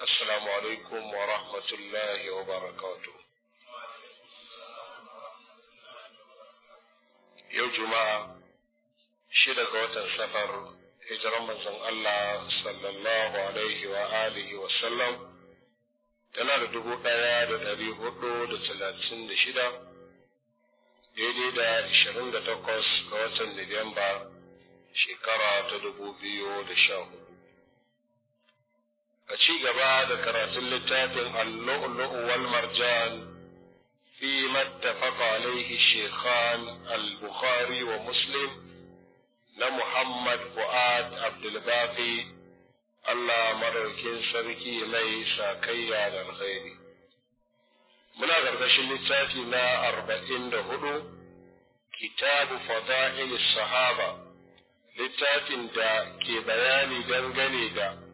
السلام عليكم ورحمة الله وبركاته يوم جماعة شيدا Safar سفر هجر من الله صلى الله عليه وآله وسلم tana da dubu ɗaya da ɗari hudu da talatin da shida daidai da ashirin da takwas ga watan Nuwamba shekara ta dubu biyu da sha hudu. أشي جبا ذكر سلتات اللؤلؤ والمرجان فيما اتفق عليه الشيخان البخاري ومسلم لمحمد فؤاد عبد الباقي الله مرر كن سركي ليس كي على الغير من أغرقش اللتات لا أربعين دهدو كتاب فضائل الصحابة لتاتي دا كبيان دنغني دا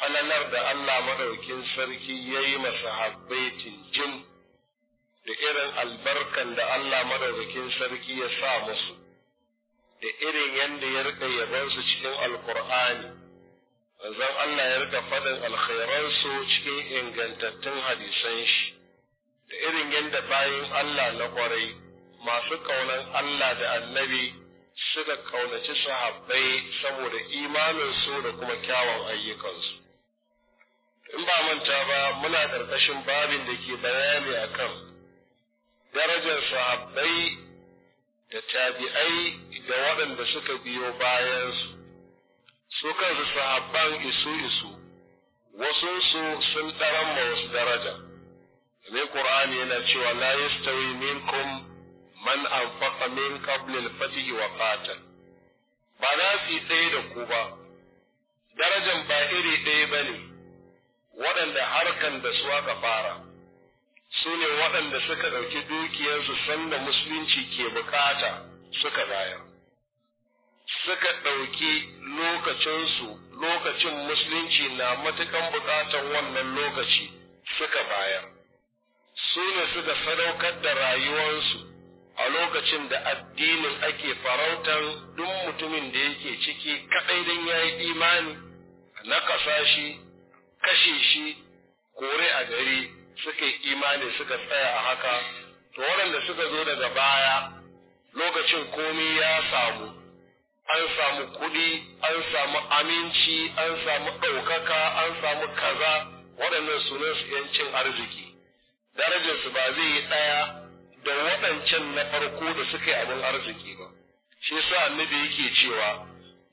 falalar da Allah madaukin sarki ya yi masahabbai jim da irin albarkan da Allah madaukin sarki ya sa musu, da irin yadda ya rika yabansu cikin alkur'ani, manzon Allah ya rika faɗin alkhairansu cikin ingantattun hadisan shi, da irin yadda bayan Allah na kwarai masu ƙaunar Allah da annabi suka ƙaunaci sahabbai saboda imaninsu da kuma kyawun ayyukansu. in ba manta ba muna ƙarƙashin babin da ke bayani a kan darajar sahabbai da tabi'ai da waɗanda suka biyo bayansu su kansu sahabban isu isu wasunsu sun ɗaran ma wasu daraja ne ƙur'ani yana cewa la yastawi minkum man anfaqa min qabl al-fatih wa qatal ba za su yi ɗaya da ku ba darajan ba iri ɗaya bane waɗanda harkan da su aka fara su ne waɗanda suka ɗauki dukiyarsu sanda musulunci ke bukata suka bayar suka ɗauki lokacinsu lokacin musulunci na matukan bukatan wannan lokaci suka bayar su ne suka sadaukar da rayuwarsu a lokacin da addinin ake farautan duk mutumin da yake ciki kaɗai don ya yi imani na ƙasashe kashe shi kore a gari suka yi imani suka tsaya a haka to waɗanda suka zo daga baya lokacin komai ya samu an samu kuɗi an samu aminci an samu ɗaukaka an samu kaza waɗannan sunan su yancin arziki darajarsu ba zai yi ɗaya da waɗancan na farko da suka yi abin arziki ba shi sa annabi yake cewa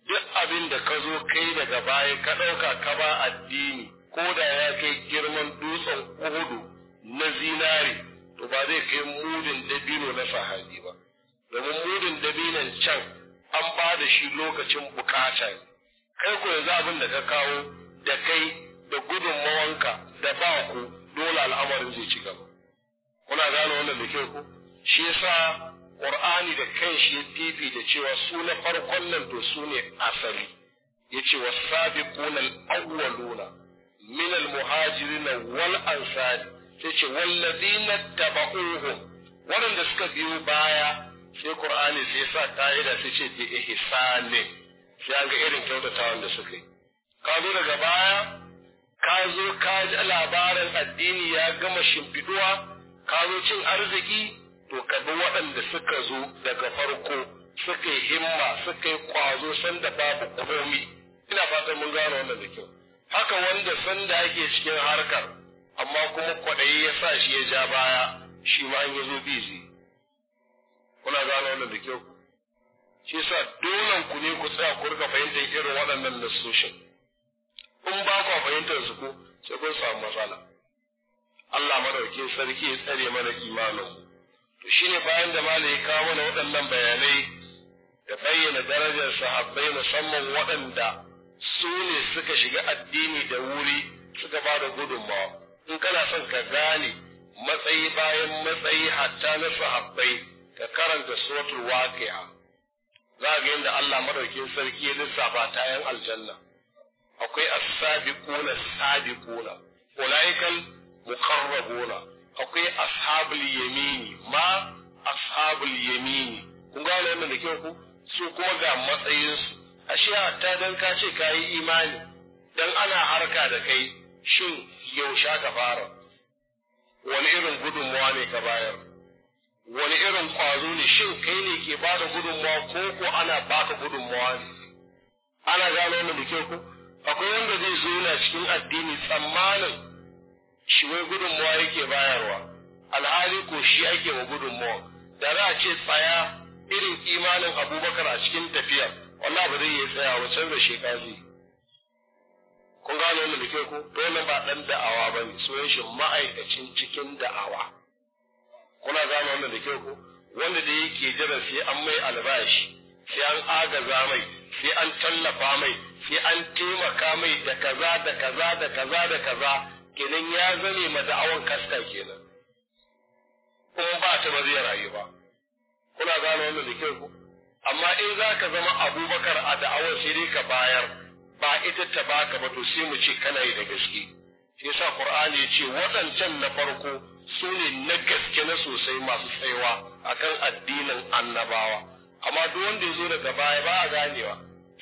duk abin da ka zo kai daga baya ka ɗauka ka ba addini ko da ya kai girman dutsen uhudu na zinari to ba zai kai mudin dabino na sahabi ba domin mudin dabinan can an ba da shi lokacin bukata ne kai ko yanzu abin da ka kawo da kai da gudun mawanka da ba ku dole al'amarin zai ci gaba kuna gane wannan da kyau ko shi yasa qur'ani da shi ya fifi da cewa su na farkon nan to su ne asali yace wasabiquna awwaluna Minal al-muhajirin wal ansar sai ce wallazina tabauhum waɗanda suka biyo baya sai ƙur'ani sai sa ka'ida sai ce bi ihsanin sai an ga irin kyautatawan da suka yi ka zo daga baya ka zo ka labaran addini ya gama shimfiduwa ka zo cin arziki to ka bi waɗanda suka zo daga farko suka yi himma suka yi kwazo sanda babu komi ina fatan mun gane wannan da kyau haka wanda sanda yake cikin harkar amma kuma kwaɗayi ya sa shi ya ja baya shi ma ya zo bizi kuna gano wannan da kyau shi sa dolan ku ne ku tsaya ku rika fahimtar irin waɗannan nasoshin? in ba ku fahimtar su ko sai kun samu matsala Allah madaukin sarki ya tsare mana imanin to shine bayan da malai ya kawo mana waɗannan bayanai da bayyana darajar sahabbai musamman waɗanda su ne suka shiga addini da wuri suka ba da gudunmawa in kana son ka gane matsayi bayan matsayi hatta na sahabbai ka karanta suratul waqi'a za ga yadda Allah madaukin sarki ya lissafa yan aljanna akwai as-sabiquna as-sabiquna ulaikal akwai ashabul yamini ma ashabul yamini kun gane wannan da kyau ku su kuma ga matsayinsu ashe hatta dan ka ce ka yi imani dan ana harka da kai shin yaushe ka fara wani irin gudunmawa ne ka bayar wani irin ƙwazo ne shin kai ne ke ba da gudunmawa ko ko ana baka gudunmawa ne ana gano wannan da kyau ko akwai wanda zai zo yana cikin addini tsammanin shi wai gudunmawa yake bayarwa alhali ko shi ake wa gudunmawa da za a ce tsaya irin imanin abubakar a cikin tafiyar wallahi ba zai iya tsaya ba canza sheka zai kun gano wannan da ke ku dole ba dan da'awa ba ne so shi ma'aikacin cikin da'awa kuna gano wannan da ke ku wanda da yake jira sai an mai albashi sai an agaza mai sai an tallafa mai sai an taimaka mai da kaza da kaza da kaza da kaza kenan ya zame ma da'awan kasta kenan kuma ba ta ba zai rayu ba kuna gano wannan da ke ku amma in za ka zama abubakar a da'awar shiri ka bayar ba ita ta baka ba to sai mu ce kana yi da gaske shi yasa qur'ani ya ce waɗancan na farko su ne na gaske na sosai masu tsayawa akan addinin annabawa amma duk wanda ya zo daga baya ba a ganewa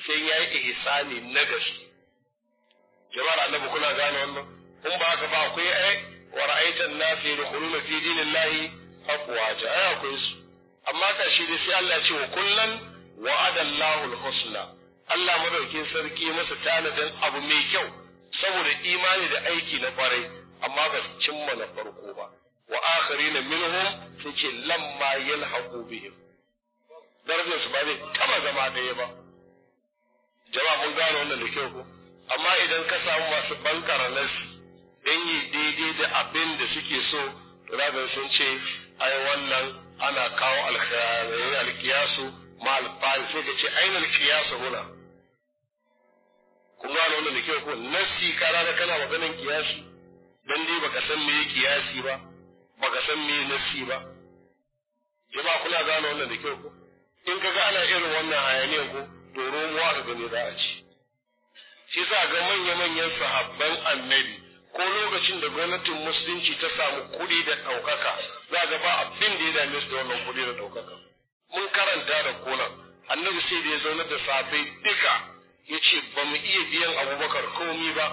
sai ya yi ihsani na gaske jama'ar annabi kuna gane wannan kun ba haka ba akwai ai eh, wa ra'aitan nasi yadkhuluna fi dinillahi afwaja ai eh, akwai su amma kashi dai sai Allah ce wa kullan wa'adallahu al-husna Allah madaukin sarki masa tanadin abu mai kyau saboda imani da aiki na kwarai amma ba su cimma na farko ba wa akharina minhum suke lamma yalhaqu bihim darajar su ba zai zama ɗaya ba jama'a mun gane wannan da kyau ko amma idan ka samu masu bankara nasi dan yi daidai da abin da suke so to sun ce ai wannan ana kawo alkiyasu ma alfahari sai ka ce aina alkiyasu huna kun gano wannan da kyau ko nasi kara da kana maganin kiyasi dan dai baka san me kiyasi ba baka san me nasi ba jama'a kuna gane wannan da kyau ko in ka ga ana irin wannan hayaniyan ko to romuwa ka gani za a ci shi sa ga manya-manyan sahabban annabi ko lokacin da gwamnatin musulunci ta samu kuɗi da ɗaukaka za ga ba abin da ya dame su da wannan kuɗi da ɗaukaka mun karanta da kona annabi sai da ya zauna da safe duka ya ce ba mu iya biyan abubakar komi ba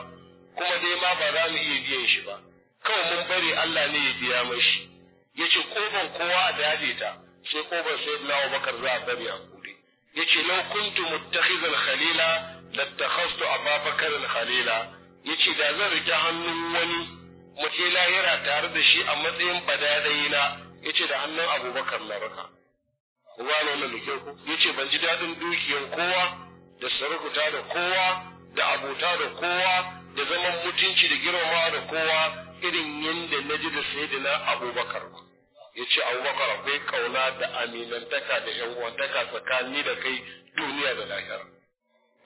kuma dai ma ba za mu iya biyan shi ba kawai mun bari Allah ne ya biya mashi ya ce koban kowa a dade ta sai koban sai na abubakar za a bari a kuɗi ya ce lau kuntu muttakhizan khalila lattakhastu ababakar khalila ya ce da zan rike hannun wani mace layira lahira tare da shi a matsayin badadaina ya ce da hannun abubakar na rika ku wani da kyau ya ce ban ji daɗin dukiyan kowa da sarakuta da kowa da abota da kowa da zaman mutunci da girmama da kowa irin yadda na ji da sai na abubakar ya ce abubakar akwai kauna da amintaka da yan uwantaka tsakani da kai duniya da lahira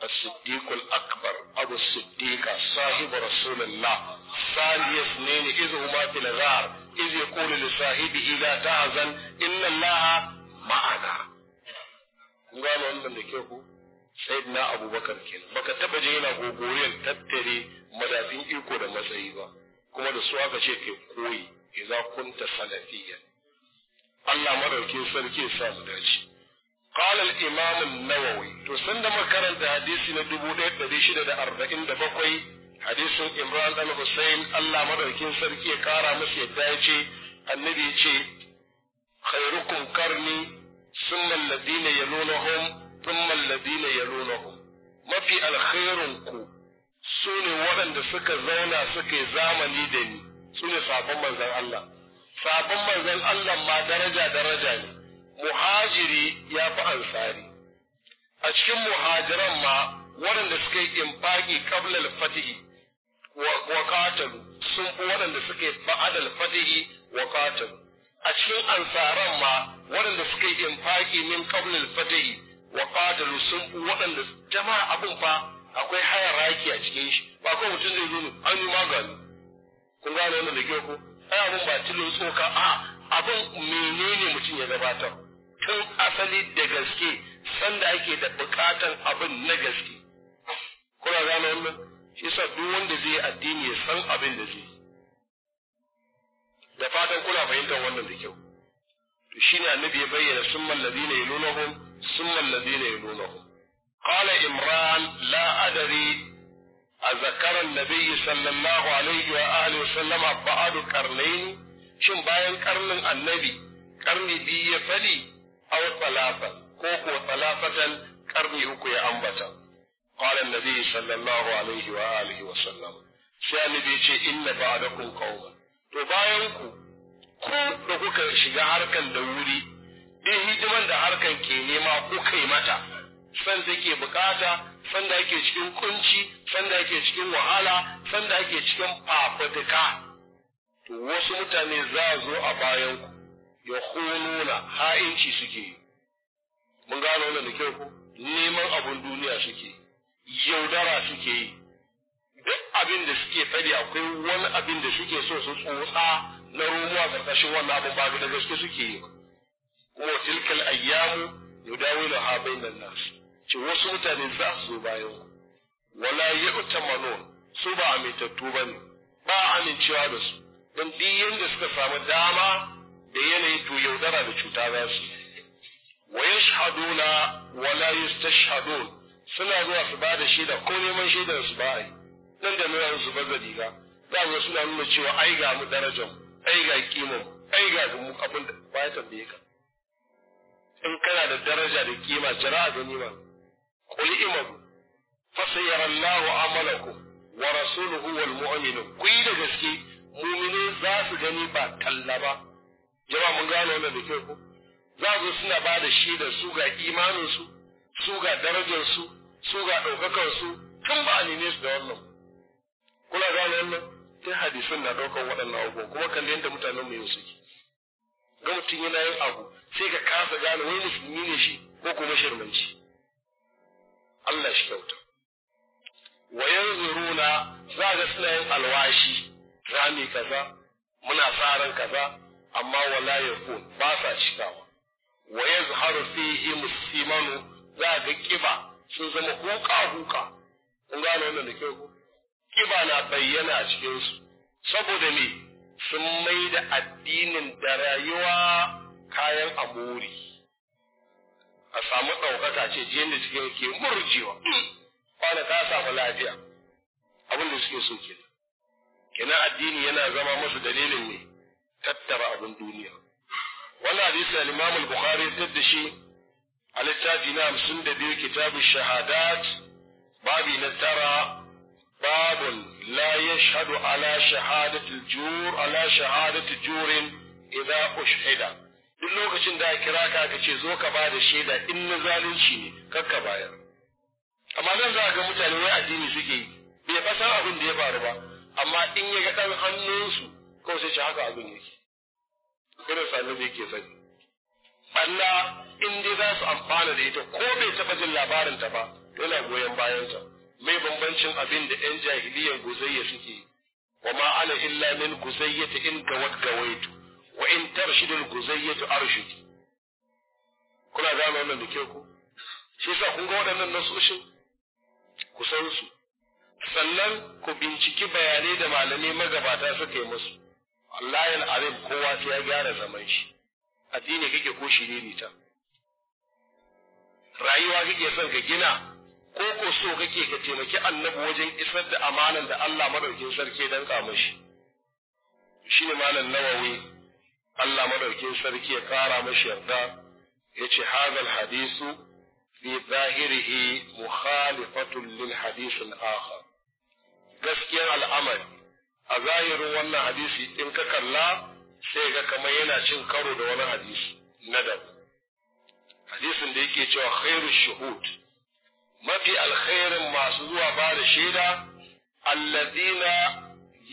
الصديق الأكبر أبو الصديق صاحب رسول الله ثاني اثنين إذ هما في الغار إذ يقول لصاحبه لا تحزن إن الله معنا kun gano wannan da kyau Said na abubakar kenan baka taɓa je yana gogoriyar tattare madafin iko da matsayi ba kuma da su aka ce kai koyi idza kunta Allah madaukin sarki ya sa mu dace قال الإمام النووي تسند مكرن ده حديث ندبو ده تديشي ده أربعين ده بقوي حديث إمران بن حسين الله مدركين سركي كارا مسي الدايتي النبي يتي خيركم قرني ثم الذين يلونهم ثم الذين يلونهم ما في الخيركم سوني ولن ده سكا زونا سكا زامني دني سوني صعبان منزل الله صعبان منزل الله ما درجة درجة ني muhajiri ya fi ansari a cikin muhajiran ma waɗanda suka yi imfaki qablal fatihi wa qatalu sun fi waɗanda suka yi ba'adal fatihi wa qatalu a cikin ansaran ma waɗanda suka yi imfaki min qablal fatihi wa qatalu sun fi waɗanda jama'a abin fa akwai hayaraki a cikin shi ba kawai mutum zai zo an yi magani kun gane wannan da kyau ko ai abin ba tilo tsoka a abin menene mutum ya gabatar san asali da gaske sanda ake da bukatan abin na gaske kuna gane wannan shi yasa duk wanda zai addini ya san abin da zai da fatan kuna fahimtar wannan da kyau to shine annabi ya bayyana summan ladina yalunahum summan ladina yalunahum qala imran la adri أذكر النبي صلى الله عليه وآله وسلم بعد قرنين shin bayan karnin annabi karni biyu ya fali aw salafan ko ko salafatan karni uku ya ambata qala annabi sallallahu alaihi wa alihi wa sallam sai annabi ce inna ba'dakum qauman to bayan ku ku da kuka shiga harkan da wuri in hidiman da harkan ke nema kuka yi mata san da ke bukata san da ake cikin kunci san da ake cikin wahala san da ake cikin fafutuka to wasu mutane za zo a bayan ku ya ha'inci suke yi mun gano wannan da kyau neman abun duniya suke yaudara suke yi duk abin da suke fadi akwai wani abin da suke so su tsotsa na rumuwa karkashin wannan abin ba da gaske suke yi kuma tilkal ayyamu yudawilu ha bainan nas ce wasu mutane za su zo bayan ku wala yu'tamanu su ba amintattu bane ba amincewa da su Dan duk yanda suka samu dama da yanayin to yaudara da cuta za su wa yashhaduna wa la yastashhadun suna zuwa su bada shaida ko neman shaidar su ba ai nan da nuna su baza diga za ga suna nuna cewa ai ga mu darajar ai ga kimar ai ga mu abin da ba ya tambaye ka in kana da daraja da kima jira a gani ma qul imamu fasayara Allahu amalakum wa rasuluhu wal mu'minu ku da gaske mu'mini za su gani ba talla ba jama mun gane wannan da kyau ko za su suna ba da da su ga imaninsu su ga darajarsu su ga su tun ba a ne su da wannan kuna gane wannan ta hadisin na ɗaukar waɗannan abubuwan kuma kan yadda mutanen mu yau suke ga mutum yana yin abu sai ka kasa gane wani musulmi ne shi ko kuma shirmanci Allah shi kyauta wa yanzuruna za ga suna yin alwashi za kaza muna faran kaza amma wala ya yakun ba sa cikawa wa ya yazharu fi muslimanu za ga kiba sun zama huka huka kun gane wannan da kyau kiba na bayyana a cikin saboda ne sun mai da addinin da rayuwa kayan amuri a samu ɗaukaka ce jiyan da cikin ke murjewa kwana ta samu lafiya abin da suke so kenan kenan addini yana zama masu dalilin ne tattara abin duniya wannan hadisi al-Imam al-Bukhari shi a littafi na hamsin da biyu kitabu shahadat babi na tara babun la yashhadu ala shahadatu jur ala shahadati jurin idza ushhida duk lokacin da kira ka ka ce zo ka ba da shaida in na zalunci ne ka bayar amma nan za ga mutane wai addini suke yi bai fasan abin da ya faru ba amma in ya ga dan hannunsu ko sai ce haka abin yake irin sami da yake sani Allah in dai za su amfana da ita ko bai taɓa jin labarinta ba yana goyon bayanta mai bambancin abin da yan jahiliyan guzayya suke wa ma ana illa min guzayyata in gawat gawaitu wa in tarshidul guzayyatu arshidi kuna gano wannan da ke ku shi yasa kun ga waɗannan nasoshin ku san su sannan ku binciki bayanai da malamai magabata suka yi musu wallahi al'azim kowa sai ya gyara zaman shi addini kake ko shi ne ta rayuwa kake son ka gina ko ko so kake ka taimaki annabi wajen isar da amanan da Allah madaukin sarki dan kama shi shine malam nawawi Allah madaukin sarki ya kara mashi yarda yace hadal hadisu fi zahirihi mukhalifatun lil hadith al-akhar gaskiyar al'amari a zahirin wannan hadisi in ka kalla sai ga kamar yana cin karo da wani hadisi na da hadisin da yake cewa khairu shuhud mafi alkhairin masu zuwa ba da shaida alladina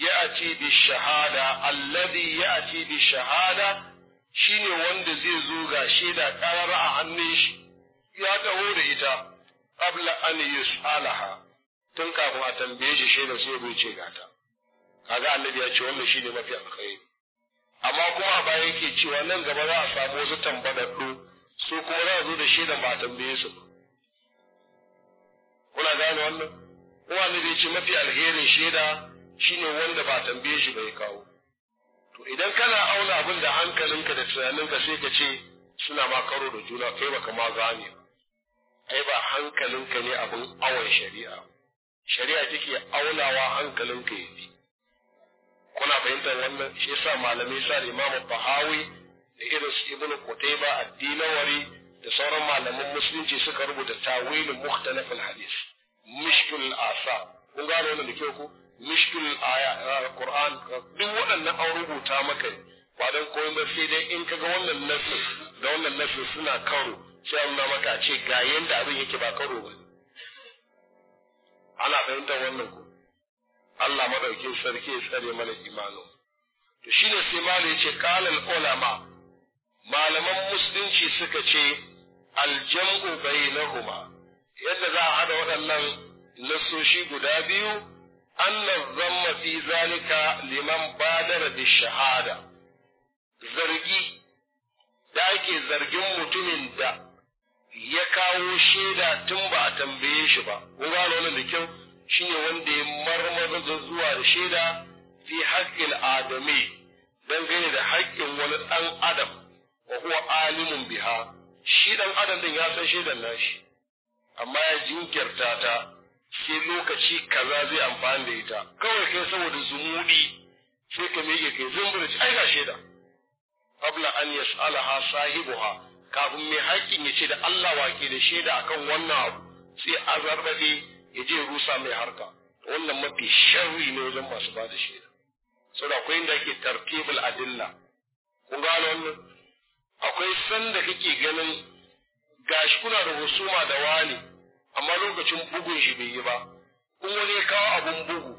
ya'ti bi shahada alladhi ya'ti bi shahada shine wanda zai zo ga shaida karar a hannun shi ya taho da ita qabla an yus'alaha tun kafin a tambaye shi shaida sai bai ce gata kaga annabi ya ce wannan shine mafi alkhairi amma kuma a baya yake cewa nan gaba za a samu wasu tambaɗaɗɗu su kuma za a zo da shaidan ba a tambaye su kuna gane wannan kuma annabi ya ce mafi alherin shaida shine wanda ba tambaye shi ya kawo to idan kana auna abin da hankalinka da tunaninka sai ka ce suna ma karo da juna kai baka ma gane ai ba hankalinka ne abin awon shari'a shari'a take aunawa hankalinka ya fi. kuna fahimtar wannan shi yasa malamai sa Imam Bahawi da irin su ibnu Qutayba ad-Dinawari da sauran malaman musulunci suka rubuta tawilin mukhtalaf al hadis mishkul al-asa kun gane wannan da kyau ko mishkul aya eh, Qur'an duk waɗannan an rubuta maka ba dan koyon ba sai dai in kaga wannan nasu da wannan nasu suna karo sai an maka a ce ga yanda abin yake ba karo ba ana fahimtar wannan ko Allah madaukin sarki ya tsare mana imanin to shine sai malai yace qalal ulama malaman musulunci suka ce aljam'u bainahuma yadda za a hada waɗannan nasoshi guda biyu annan zamma fi zalika liman badara bi shahada zargi da ake zargin mutumin da ya kawo shaida tun ba a tambaye shi ba Ko gano wannan da kyau shi ne wanda ya marmaza da zuwa da shaida fi haƙƙin adami gane da haƙƙin wani ɗan adam wa huwa alimun biha shi ɗan adam din ya san shaidan nashi amma ya jinkirta ta sai lokaci kaza zai amfani da ita kawai kai saboda zumudi sai ka mege kai zumbura ai ga shaida qabla an yas'alaha sahibuha kafin mai haƙƙin ya ce da Allah wake da shaida akan wannan abu sai azarbaɗe ya je ruwa sa mai harka wannan mafi sharri ne wajen masu ba da shaida saboda akwai inda ake tarkibul adilla kun gano wannan akwai sanda kake ganin gashi kuna da husuma da wani amma lokacin bugun shi bai yi ba kun wani ya kawo abun bugu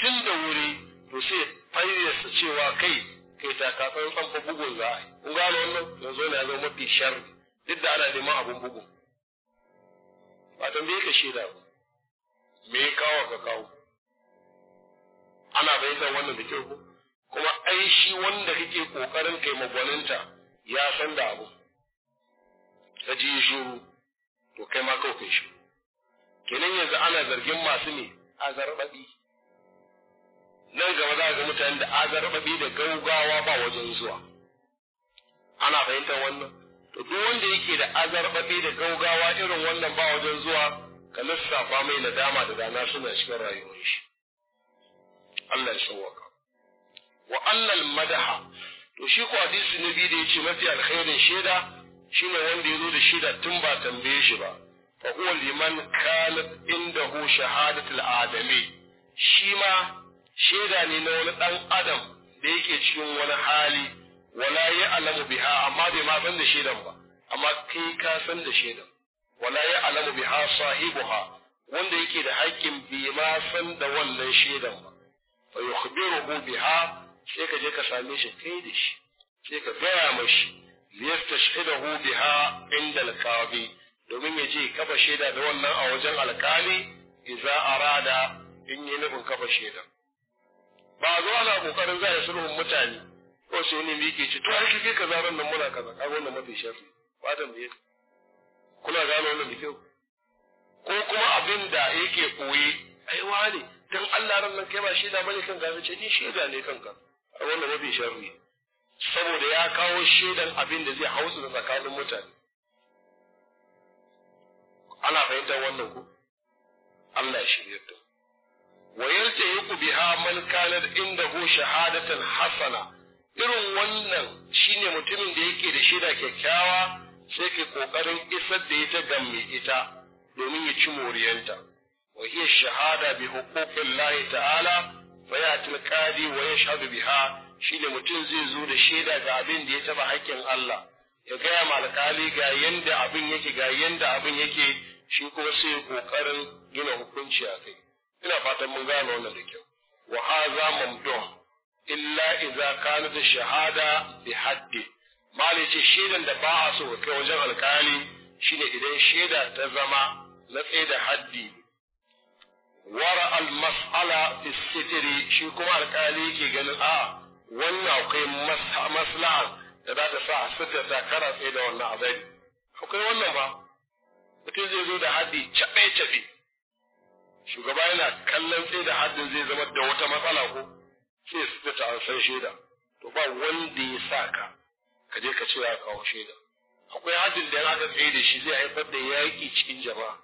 tun da wuri to sai fayyarsa cewa kai kai ta kafin tsamfa bugun za a yi kun gano wannan yanzu ne ya zama mafi sharri duk da ana neman abun bugu ba tambaye ka shaida ba me ya kawo ka kawo ana san wannan da kyau kuma ai shi wanda kake kokarin kai magwaninta ya san da abu ka ji shiru to kai ma kawo kai shi kenan yanzu ana zargin masu ne zarbabi nan gaba za ga mutanen da zarbabi da gaugawa ba wajen zuwa ana fahimtar wannan to duk wanda yake da azarbabi da gaugawa irin wannan ba wajen zuwa ka lissafa mai nadama da dana suna cikin rayuwar shi Allah ya sauwaka wa allal madaha to shi ko hadisi na biyu da ce mafi alkhairin shaida shine wanda zo da shaida tun ba tambaye shi ba fa huwa liman kanat indahu shahadatul adami shi ma shaida ne na wani dan adam da yake cikin wani hali wala ya alamu biha amma bai ma san da shaidan ba amma kai ka san da shaidan wala ya alamu biha sahibuha wanda yake da haƙƙin bi ma san da wannan shaidan ba fa yukhbiruhu biha sai ka je ka same shi kai da shi sai ka gaya mashi liyastashhidahu biha inda alqabi domin ya je kafa shaida da wannan a wajen alkali idza arada in yi nufin kafa shaida ba zo ana kokarin za ya sulhun mutane ko sai ne yake ci to an shige ka ran nan muna kaza kaga wannan mafi sharri ba tambaye ka kuna gano wannan da kyau ko kuma abin da yake koyi ai wane dan Allah ran nan kai ba shaida bane kan gane ce ni shaida ne kanka a wannan mafi sharri saboda ya kawo shaidan abin da zai hausa tsakanin mutane ana fahimtar wannan ku Allah ya shirye ta wa yaltahiqu biha man inda indahu shahadatan hasana irin wannan shine mutumin da yake da shaida kyakkyawa sai ke kokarin isar da ita ga mai ita domin ya ci moriyanta wa hiya shahada bi huquqillahi ta'ala fa ya'ti al-qadi wa yashhadu biha shine mutum zai zo da shaida ga abin da ya taba haƙƙin Allah ya gaya ma alƙali ga yanda abin yake ga yanda abin yake shi kuma sai kokarin gina hukunci a kai ina fatan mun gane wannan da kyau wa haza mamdum illa idza kanat shahada bi haddi Mali ce shaidan da ba a so ka kai wajen alkali shine idan shaida ta zama na tsaye da haddi wara al-mas'ala fi sitri shi kuma alkali ke ganin a wannan akwai maslaha da za ta sa a sitar ta kara tsaye da wannan azari akwai wannan ba mutum zai zo da haddi caɓe-caɓe shugaba yana kallon tsaye da haddin zai zama da wata matsala ko sai su ta an san shaida to ba wanda ya sa ka ka je ka ce ya kawo shaida akwai hadin da aka tsaye da shi zai haifar da yaƙi cikin jama'a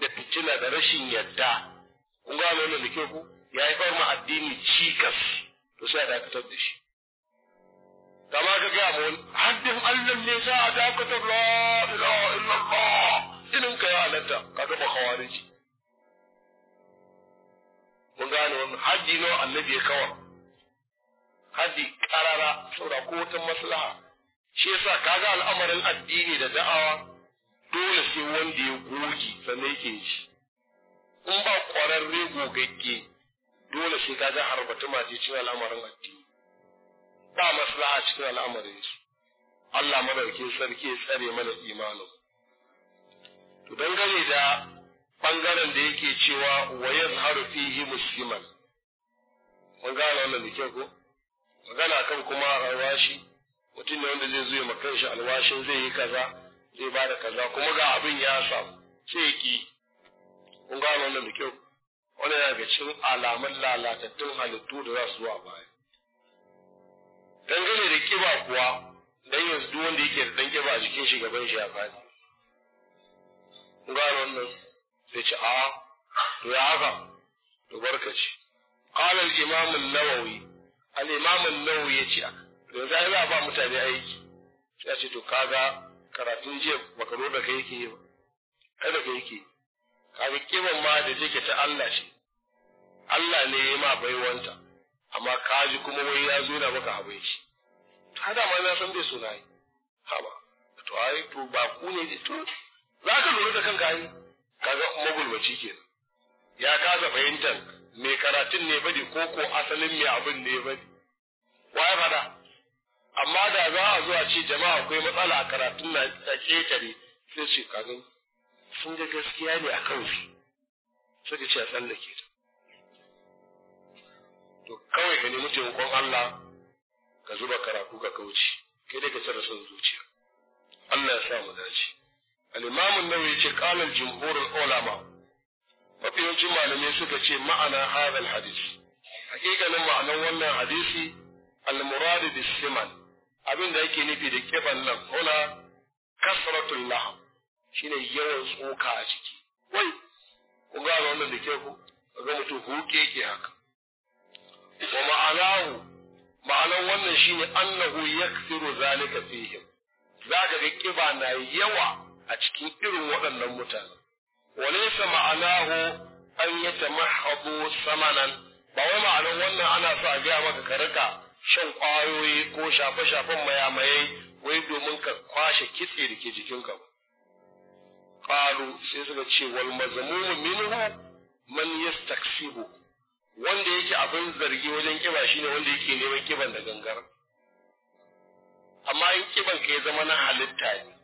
da fitila da rashin yadda kun gano wannan da ke ku ya haifar ma addini cikas to sai a dakatar da shi kama ka gaya mu haddin Allah ne za a dakatar la ilaha illallah irin ka ya halatta ka ga khawariji mun gane wani. haddi nawa annabi ya kawar haji karara saboda ko wata maslaha shi yasa kaga al'amarin addini da da'awa dole sai wanda ya goge sannan yake shi in ba ƙwararre gogagge dole sai kaga harbatu masu cin al'amarin addini ba maslaha cikin al'amarin su Allah madaukin sarki ya tsare mana imanin to dangane da bangaren da yake cewa wa yazharu fihi musliman mun wannan da kyau ko magana kan kuma rawashi mutum ne wanda zai zo ma kanshi alwashin zai yi kaza zai ba da kaza kuma ga abin ya samu sai ki kun gano wannan da kyau wannan yana daga cikin alamun lalatattun halittu da za su zuwa baya dangane da kiba kuwa dan yanzu duk wanda yake da dan kiba a jikin shi gaban shi ya fadi kun gano wannan sai ce a to ya haka to barkaci قال الإمام النووي الإمام ya يتي yanzu ai za a ba mutane aiki ya ce to kaga karatun jiya baka da kai yake yi ba kada kai yake kaga kiman ma da jike ta Allah shi Allah ne ya ma baiwanta amma kaji kuma wai ya zo da maka abin shi ta da ma na san bai suna yi haba to ai to ba ku ne to za ka lura da kanka ai kaga magulmaci kenan ya kasa fahimtar me karatun ne bane ko ko asalin me abin ne bane waye fada amma da za a zuwa ce jama'a akwai matsala a karatun na ƙetare sai su kagan sun ga gaskiya ne a kan su suka ce a tsallake ta to kawai ka nemi taimakon Allah ka zuba karatu ka kauci kai dai ka tsara son zuciya Allah ya sa mu dace al-imam an-nawawi ce qala jumhur ulama mafiyancin malamai suka ce ma'ana hadal hadisi hakikanin ma'anar wannan hadisi al-murad bis-siman abin da yake nufi da kiban nan huna kasratul laham shine yawan tsoka a ciki wai ku ga wannan da ke ku ga mutum huke ke haka wa ma'anahu ma'anan wannan shine annahu yaksiru zalika fihim zaka ga kiba na yawa a cikin irin waɗannan mutane wa laysa ma'anahu an yatamahadu samanan ba wai ma'anan wannan ana sa a ga maka ka rika shan ƙwayoyi ko shafe-shafen mayamayai wai domin ka kwashe kitse da ke jikinka ba. Ƙalu sai suka ce wal mazamumu minhu man yastaksibu wanda yake abin zargi wajen kiba shine wanda yake neman kiban da gangar. Amma in kiban ka ya zama na halitta ne,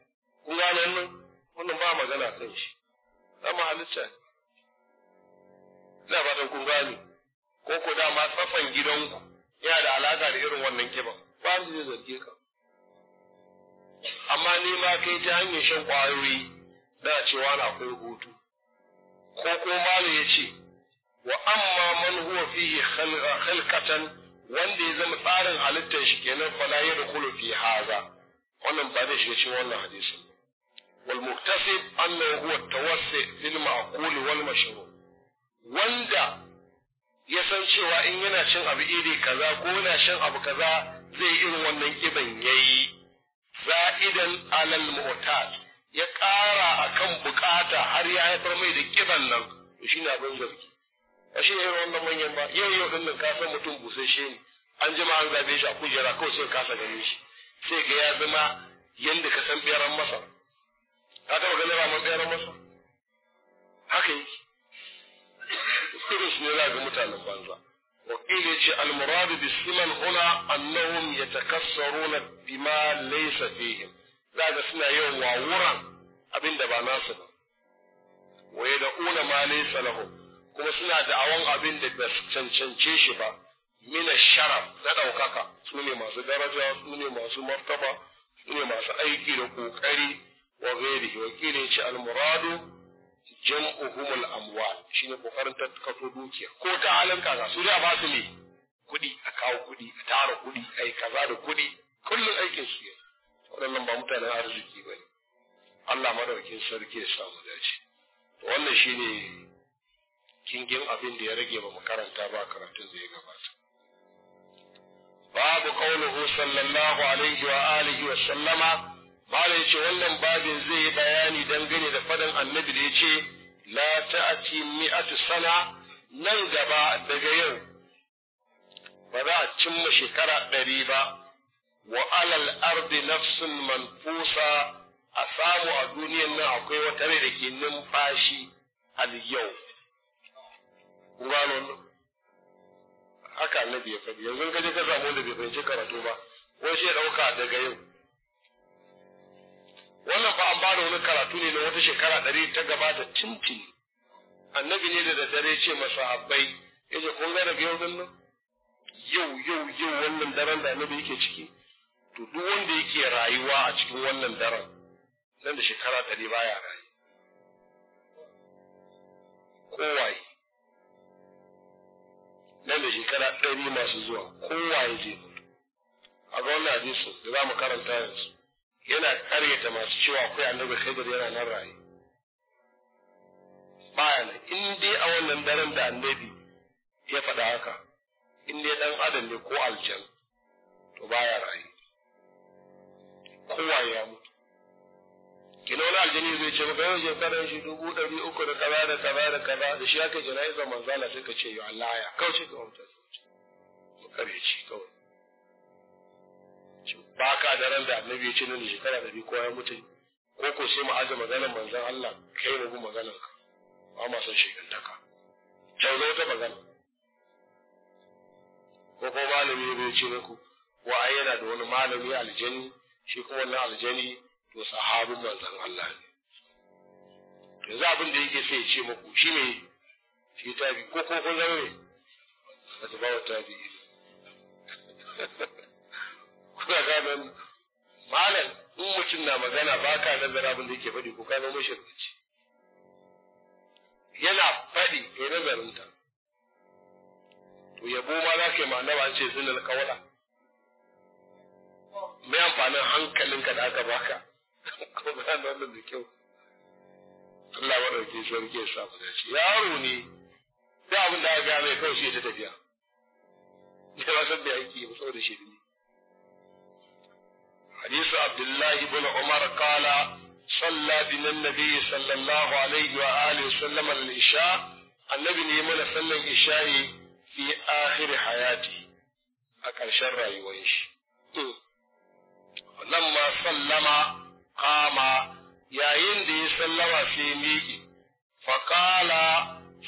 kun gane nan wannan ba magana kan shi, zama halitta ne. Ina fatan kun gane, ko ku dama tsafan gidanku yana da alaka da irin wannan kiba ba su zai zarge ka amma ne ma kai ta hanyar shan kwayoyi da cewa na akwai hutu ko ko malu ya ce wa amma man huwa fihi khalqatan wanda ya zama tsarin halittar shi kenan fala ya Kulu fi haza wannan ba zai shiga cikin wannan hadisin wal muktasib annahu huwa tawassi bil ma'qul wal mashru wanda ya san cewa in yana cin abu iri kaza ko yana shan abu kaza zai irin wannan kiban yayi za'idan alal mu'tad ya ƙara akan bukata har ya haifar mai da kiban nan to shi na abin gaske a shi irin wannan manyan ba yau yau din nan ka san mutum busasshe ne an jima an zabe shi a kujera kawai sai kasa gani shi sai ga ya zama yanda ka san biyaran masa ka taɓa ganin ramar biyaran masa haka yake Ƙirar suna zaa bi mutanen banza. Wakilin ya ce almuradu bai san mana a nahon ya bima laifakan fahimtar. Za suna yawan wa wuraren abinda ba nasu ba. Waye da huna ma laifukan na Kuma suna da awan abin da ba su cancanci shi ba. Mi sharaf na ɗaukaka. Sune masu darajawa, sune masu martaba, sune masu aiki da ƙoƙari, wa veri. Wakilin ya ce almuradu. al amwal shine kokarin tattakato dukiya ko ta halin kaza su da ba su ne kuɗi a kawo kuɗi a tara kuɗi a kaza da kuɗi kullum aikin su ne waɗannan ba mutanen arziki ba ne Allah madaukin sarki ya samu dace wannan shine kingin abin da ya rage ba mu karanta ba karatun zai gabata babu qauluhu sallallahu alaihi wa alihi wa sallama mala yace wannan babin zai yi bayani dangane da faɗin annabi da yace la ta'ati mi'atu sana nan gaba daga yau ba za a cimma shekara ɗari ba wa alal ardi nafsun manfusa a samu a duniyan nan akwai wata rai da ke numfashi al yau gano haka annabi ya faɗi yanzu ka je ka samu wanda bai fahimci karatu ba ko shi ya ɗauka daga yau wannan ba an ba da wani karatu ne na wata shekara ɗari ta gabata tintin annabi ne da daddare ce masa habbai ya ce kun gane biyar nan yau yau yau wannan daren da annabi yake ciki to duk wanda yake rayuwa a cikin wannan daren nan da shekara ɗari baya rayu kowaye nan da shekara ɗari masu zuwa kowaye zai mutu a ga wannan hadisin da za mu karanta yanzu yana karyata masu cewa akwai annabi Khidir yana nan raye bayan in dai a wannan daren da annabi ya faɗa haka in dai dan adam ne ko aljan to baya raye kowa ya mutu kina wani aljani zai ce maka yau shekarar shi dubu ɗari uku da kaza da kaza da kaza da shi aka jana'izar manzala sai ka ce yau Allah ya kauce ga wata zuci mu kare shi kawai ba ka da ran da annabi ya ce nan shekara da biyu kowa ya mutu ko ko sai mu aje maganar manzon Allah kai mu gumu maganar ka ba ma san shekantaka canza wata magana ko ko malami ya bai ce muku wa ayyana yana da wani malami aljani shi kuma wannan aljani to sahabin manzon Allah ne yanzu abin da yake sai ya ce muku shi ne shi tabi ko ko kun zama ne a tabawa tabi kuka gane malam in mutum na magana ba ka nazara abin da yake faɗi ko ka zama shirmaci yana faɗi ya eh, nazarinta to yabo ma za ka yi ma'anaba an ce zinar kawala mai amfanin hankalinka da aka baka ko ba na wannan da kyau Allah wa ɗauke shi wani ke samu dace yaro ne da abin da aka gane kawai shi ta tafiya ya ba san da yake ba saboda shi حديث عبد الله بن عمر قال صلى بنا النبي صلى الله عليه وآله وسلم العشاء النبي نيمنا صلى الإشاء في آخر حياته أكرشر ويش لما سلم قام يا يندي سلم في ميكي فقال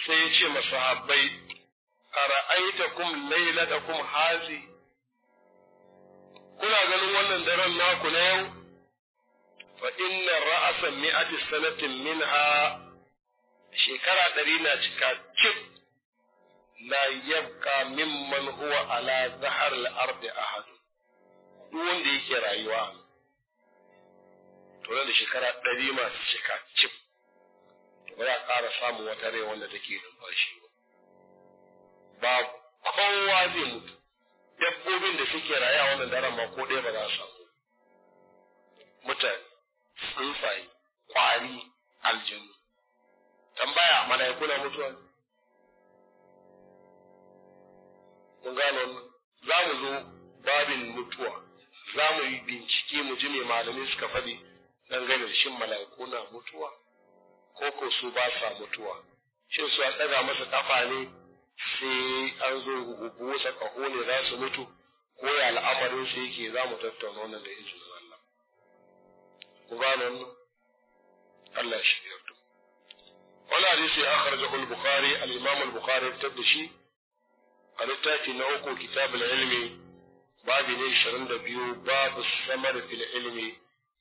سيتي مصحبي أرأيتكم ليلتكم هذه kuna ganin wannan daren naku na yau fa inna ra'asa mi'ati sanatin minha shekara ɗari na cika cif la yabqa mimman huwa ala zahar al-ardi ahad duk wanda yake rayuwa to da shekara ɗari masu cika cif to ba za a ƙara samun wata rai wanda take numfashi ba kowa zai mutu dabbobin da suke raye a wannan daren ma ko ɗaya ba za su mutane tsuntsaye kwari aljanu tambaya ya na mutuwa mun gano za mu zo babin mutuwa za mu yi bincike mu ji mai malamai suka faɗi dan da shin mala'iku na mutuwa ko ko su ba sa mutuwa shin su a ɗaga masa kafa ne sai an zo gugu wasa kaho ne za su mutu ko ya al'amarin su yake za mu tattauna wannan da izinin Allah ku gane wannan Allah shi biyar to wani hadisi ya akhrajahu da bukhari al-imam al-bukhari ya fitar da shi a littafi na uku kitab al-ilmi babi ne 22 babu samar fil ilmi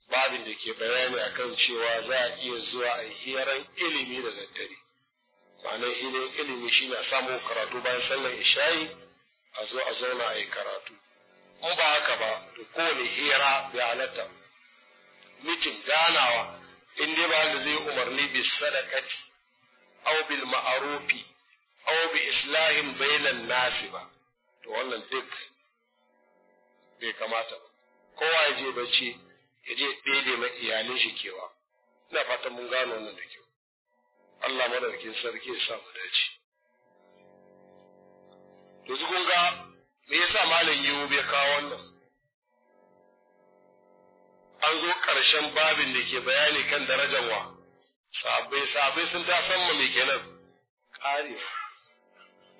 babin da ke bayani akan cewa za a iya zuwa a hiyaran ilimi da daddare Manan shi ilimi shi ne a samu karatu bayan sallar isha'i a zo a zauna a yi karatu in ba haka ba da kowane hira bai halatta mitin ganawa in dai ba da zai umarni bi sadakati aw bil ma'arufi aw bi islahin bainan nasi ba to wannan duk bai kamata ba kowa ya je bacci ya je ma iyalin shi kewa ina fatan mun gano wannan da kyau Allah madarkin sarki ya sa mu dace to kun ga me yasa malam yiwu bai kawo wannan an zo ƙarshen babin da ke bayani kan darajar wa sabai sabai sun ta san mu me kenan kare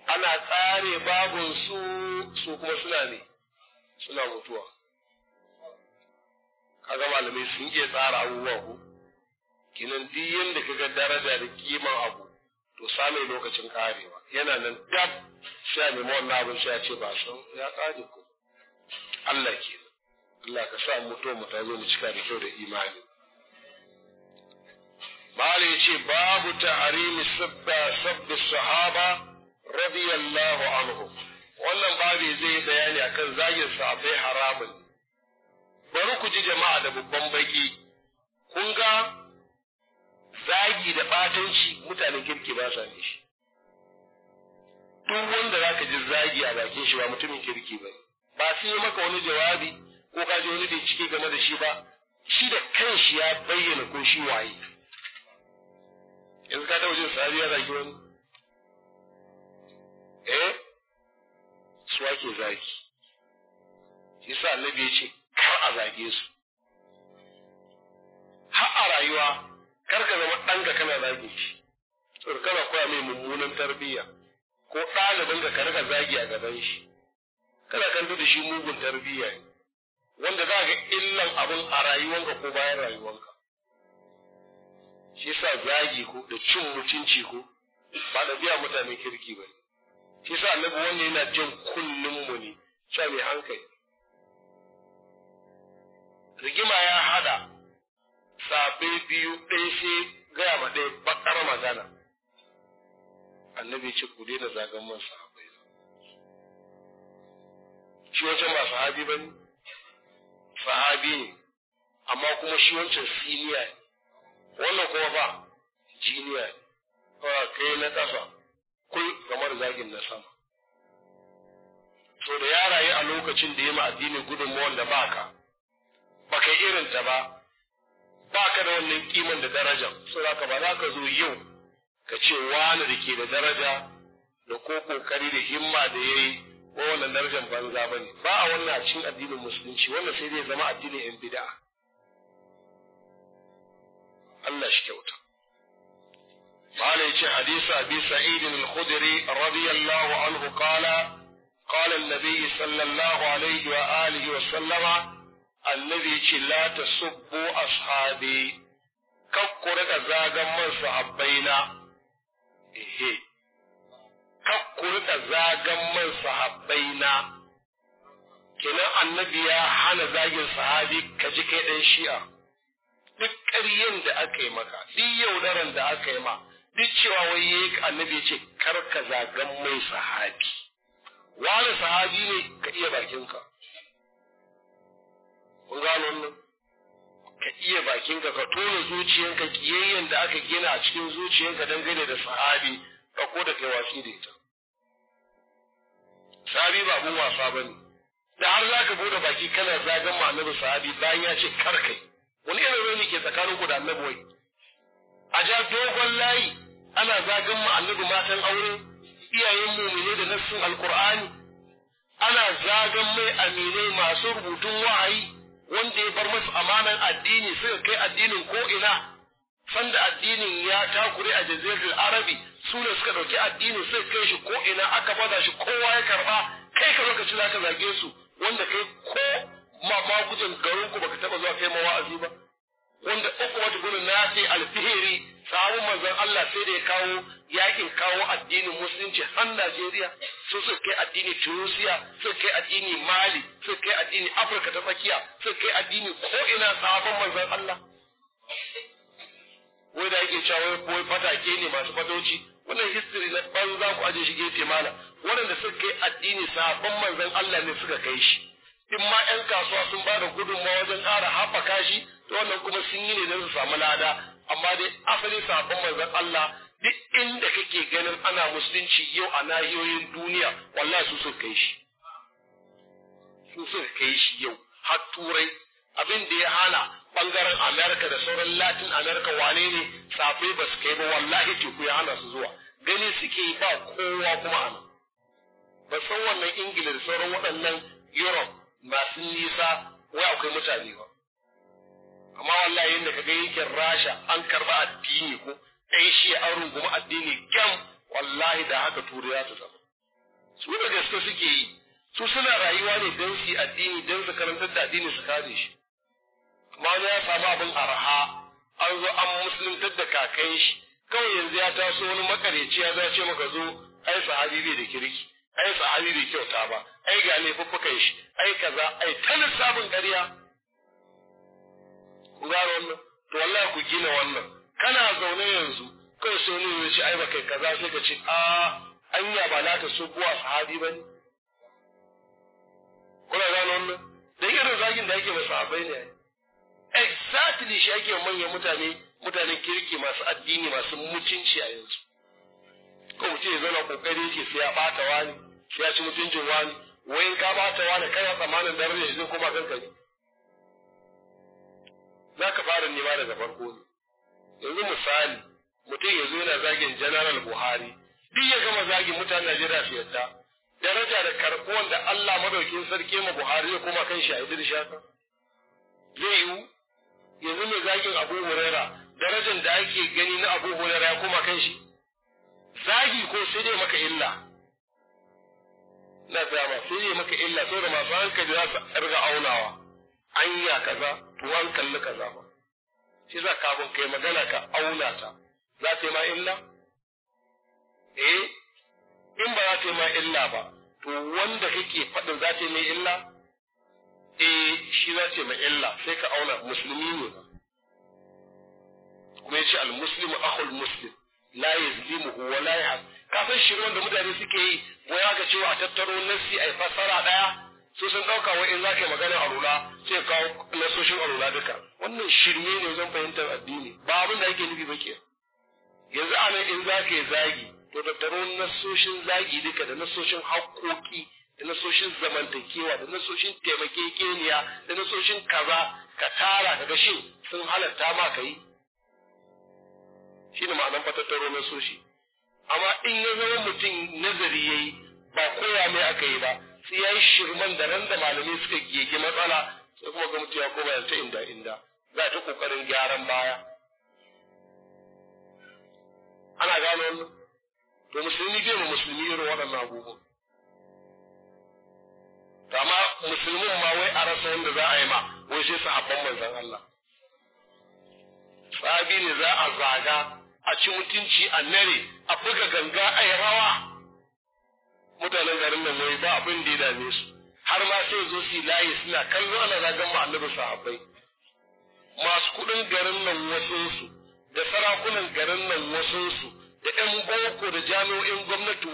ana tsare babun su su kuma suna ne suna mutuwa kaga malamai sun iya tsara abubuwa ko kenan duk yadda kaga daraja da kiman abu to samun lokacin karewa yana nan dab sai a nemi wannan abin sai ce ba san ya kare ku Allah ke Allah ka sa to mu ta zo mu cika da kyau da imani Mala ya ce babu ta'arimi sabba sabbi sahaba radiyallahu anhu wannan babu zai bayani akan zagin sahabbai haramun bari ku ji jama'a da babban baki kun ga zagi da ɓatanci mutanen kirki ba sa shi duk wanda za ka ji zagi a bakin shi ba mutumin kirki ba ba su yi maka wani jawabi ko ka ji wani da cike game da shi ba shi da kanshi ya bayyana ko shi waye yanzu ka taɓa jin sahabi ya zagi wani eh su ake zagi shi sa annabi ya ce kar a zage su har a rayuwa kar ka zama ɗanka kana zagin shi to kana koya mai mummunan tarbiyya ko ɗaliban ka ka rika zagi a gaban shi kana kan da shi mugun tarbiyya wanda za ga illan abun a rayuwanka ko bayan rayuwanka shi yasa zagi ko da cin mutunci ko ba da biya mutane kirki ba shi yasa annabi wannan yana jin kunnin mu ne cewa mai hankali rigima ya hada sabai biyu ɗaya shi gaya ma ɗaya bakar magana annabi ce ku daina zagan man sahabai shi wancan ba sahabi ba ne sahabi ne amma kuma shi wancan siniya ne wannan kuma ba jiniya ne kawai kai na ƙasa kai kamar zagin na sama so da ya yi a lokacin da ya ma addini gudunmawar da ka irin irinta ba ba ka da wannan kiman da daraja saboda ba za ka zo yau ka ce wani da ke da daraja da ko kokari da himma da yayi ko wannan darajar banza bane ba a wannan cin addinin musulunci wannan sai zai zama addinin yan bid'a Allah shi kyauta قال حديث أبي سعيد الخدري رضي الله عنه قال قال النبي صلى الله عليه وآله وسلم annabi ce ta tasubbu ashabi kan ku rika zagan man sahabbaina ehe kan ku rika zagan man sahabbaina kenan annabi ya hana zagin sahabi ka ji kai dan shi'a duk ƙaryen da aka yi maka duk yaudaran da aka yi ma duk cewa wai yayi annabi ya ce kar ka zagan mai sahabi wani sahabi ne ka iya bakinka kun gano wannan ka iya bakinka ka tona zuciyanka kiyayyen da aka gina a cikin zuciyanka dangane da sahabi ka ko da kai watsi da ita sahabi ba abun wasa ba ne da har za ka bude baki kana zagan ma sahabi bayan ya ce kar kai wani irin rauni ke tsakanin ku da annabi wai a ja dogon layi ana zagan ma matan aure iyayen mumine da nassin alkur'ani ana zagan mai aminai masu rubutun wahayi wanda ya bar masu amanar addini suka kai addinin ko ina sanda addinin ya takure a jazirar arabi su ne suka ɗauki addinin sai kai shi ko ina aka bada shi kowa ya karɓa, kai ka lokaci za ka zage su wanda kai ko ma gujin garin ku baka taba zuwa kai wa'azi ba wanda uku wata ibn na al alfihiri sahabo manzon Allah sai da ya kawo yakin kawo addinin musulunci har Najeriya su su kai addini Tunisia su kai addini Mali su kai addini Afirka ta tsakiya su kai addini ko ina sahabban manzon Allah wai da yake cewa wai fatake ne masu fatoci wannan history na banza ku aje shi gefe mala waɗanda suka kai addini sahabban manzon Allah ne suka kai shi in ma 'yan kasuwa sun ba da gudunmawa wajen ƙara haɓaka shi to wannan kuma sun yi ne don su samu lada amma dai asali sabon manzon Allah duk inda kake ganin ana musulunci yau a nahiyoyin duniya wallahi su suka kai shi su suka kai shi yau har turai abin da ya hana bangaren America da sauran Latin America wane ne safe ba su kai ba wallahi teku ya hana su zuwa gani suke ba kowa kuma a nan ba san wannan Ingila da sauran waɗannan Europe masu nisa wai akwai mutane ba amma wallahi yadda kaga yankin rasha an karba addini ko ɗan shi an rungumi addini gam wallahi da haka turai za ta zama su da gaske suke yi su suna rayuwa ne don su addini don su karantar da addini su kare shi amma ya samu abin arha an zo an musuluntar da kakan shi kawai yanzu ya taso wani makareci ya ce maka zo ai sahabi bai da kirki ai sahabi bai kyauta ba ai ga laifuffukan shi ai kaza ai ta lissafin ƙarya ku gane wannan to wallahi ku gina wannan kana zaune yanzu kai sai ne ya ce ai ba kai kaza sai ka ce a anya ba na ta so buwa sahabi ba ne kuna gane wannan da irin zagin da ake masa abai ne exactly shi ake manyan mutane mutanen kirki masu addini masu mutunci a yanzu ko mutum ya zauna kokari yake sai ya bata wani sai ya ci mutuncin wani wai ka bata wani kana tsammanin darajar zai kuma kanka ne za ka fara nema daga farko ne yanzu misali mutum ya zo yana zagin general buhari duk ya gama zagin mutanen najeriya su yadda daraja da karɓuwan da allah madaukin sarki ma buhari ya koma kan shi a idris shaka zai yiwu yanzu mai zagin abu hurera darajar da ake gani na abu hurera ya koma kan shi zagi ko sai dai maka illa na tsaya sai dai maka illa saboda masu hankali za su ƙarga aunawa anya kaza to an kalli kaza ba shi za ka bin kai magana ka auna ta za ta yi ma illa eh in ba za ta yi ma illa ba to wanda kake faɗin za ta yi mai illa eh shi za ta yi mai illa sai ka auna musulmi ne ba kuma ya al-muslimu akhul muslim la yazlimuhu wa la yahab kafin shi da mutane suke yi wai ga cewa a tattaro nasi ai fasara daya su sun ɗauka wa in za ka yi magana a rula sai kawo nasoshin a rula duka wannan shirme ne zan fahimtar addini ba abin da ake nufi ba ke yanzu a nan in za ka yi zagi to tattaro nasoshin zagi duka da nasoshin haƙoƙi da nasoshin zamantakewa da nasoshin taimakekeniya da nasoshin kaza ka tara daga shin sun halatta ma ka yi shine ma'anar fatattaro nasoshi amma in ya zama mutum nazari ya yi ba koya mai aka yi ba sai ya yi shirman da ran da malami suka gege matsala sai kuma ga mutum ya koma ta inda inda za ta kokarin gyaran baya ana gano wannan to musulmi bai mu musulmi irin waɗannan abubuwan amma musulmin ma wai a rasa wanda za a yi ma wai sai sahabban manzon Allah sahabi ne za a zaga a ci mutunci a nare a buga ganga a yi rawa mutanen garin nan wai ba abin da ya dame su har ma sai zo su layi suna kallo ana zagan ma annabi sahabbai masu kuɗin garin nan su da sarakunan garin nan wasu da ƴan boko da jami'o'in gwamnati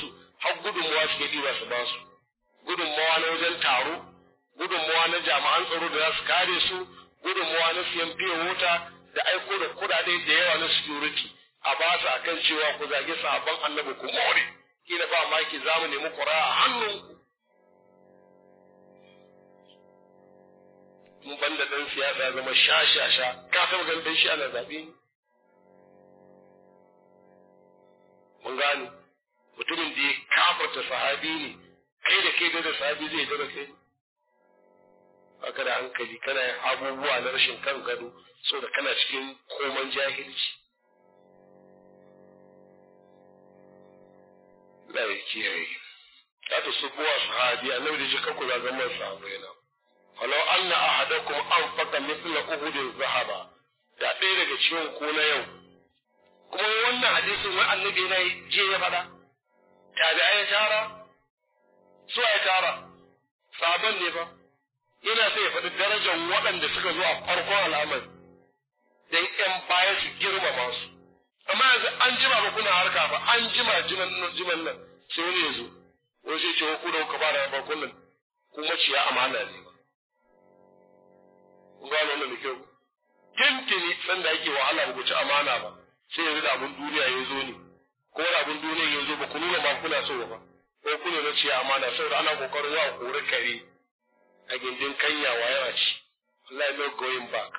su har gudunmawa suke ɗiba su ba su gudunmawa na wajen taro gudunmawa na jami'an tsaro da za su kare su gudunmawa na siyan biyan wuta da aiko da kuɗaɗe da yawa na security a ba su akan cewa ku zage sahabban annabi ku more. kila ba maki za mu nemi ƙura a hannunku mun banda dan siyasa zama sha sha sha ka ga ɗan dan shi ana zabe mun gane mutumin da ya kafarta sahabi ne kai da kai da sahabi zai dora kai haka da hankali kana yin abubuwa na rashin kan gado so da kana cikin koman jahilci Na ya kiyaye kada su kuwa sahabi annabi da shi kanku za zama sahabai na kuma an ahadakum anfaqa mithla uhudin zahaba da ɗaya daga cikin ko na yau kuma wannan hadisin wani annabi na je ya faɗa tabi'a ya tara su ya tara sabon ne ba yana sai ya faɗi darajar waɗanda suka zo a farkon al'amari don 'yan baya su girmama su amma yanzu an jima ba kuna harka ba an jima jiman jiman nan sai wani ya zo wani sai ce ku da ku ba da bakun nan kuma ciya amana ne ku ga wannan da kyau tintini san da yake wahala ba ku ci amana ba sai yanzu da abun duniya ya zo ne ko da abun duniya ya zo ba ku nuna ba kuna so ba ko kuna na ciya amana saboda ana kokarin wa kore kare a gindin kanyawa yana ci Allah ya no going back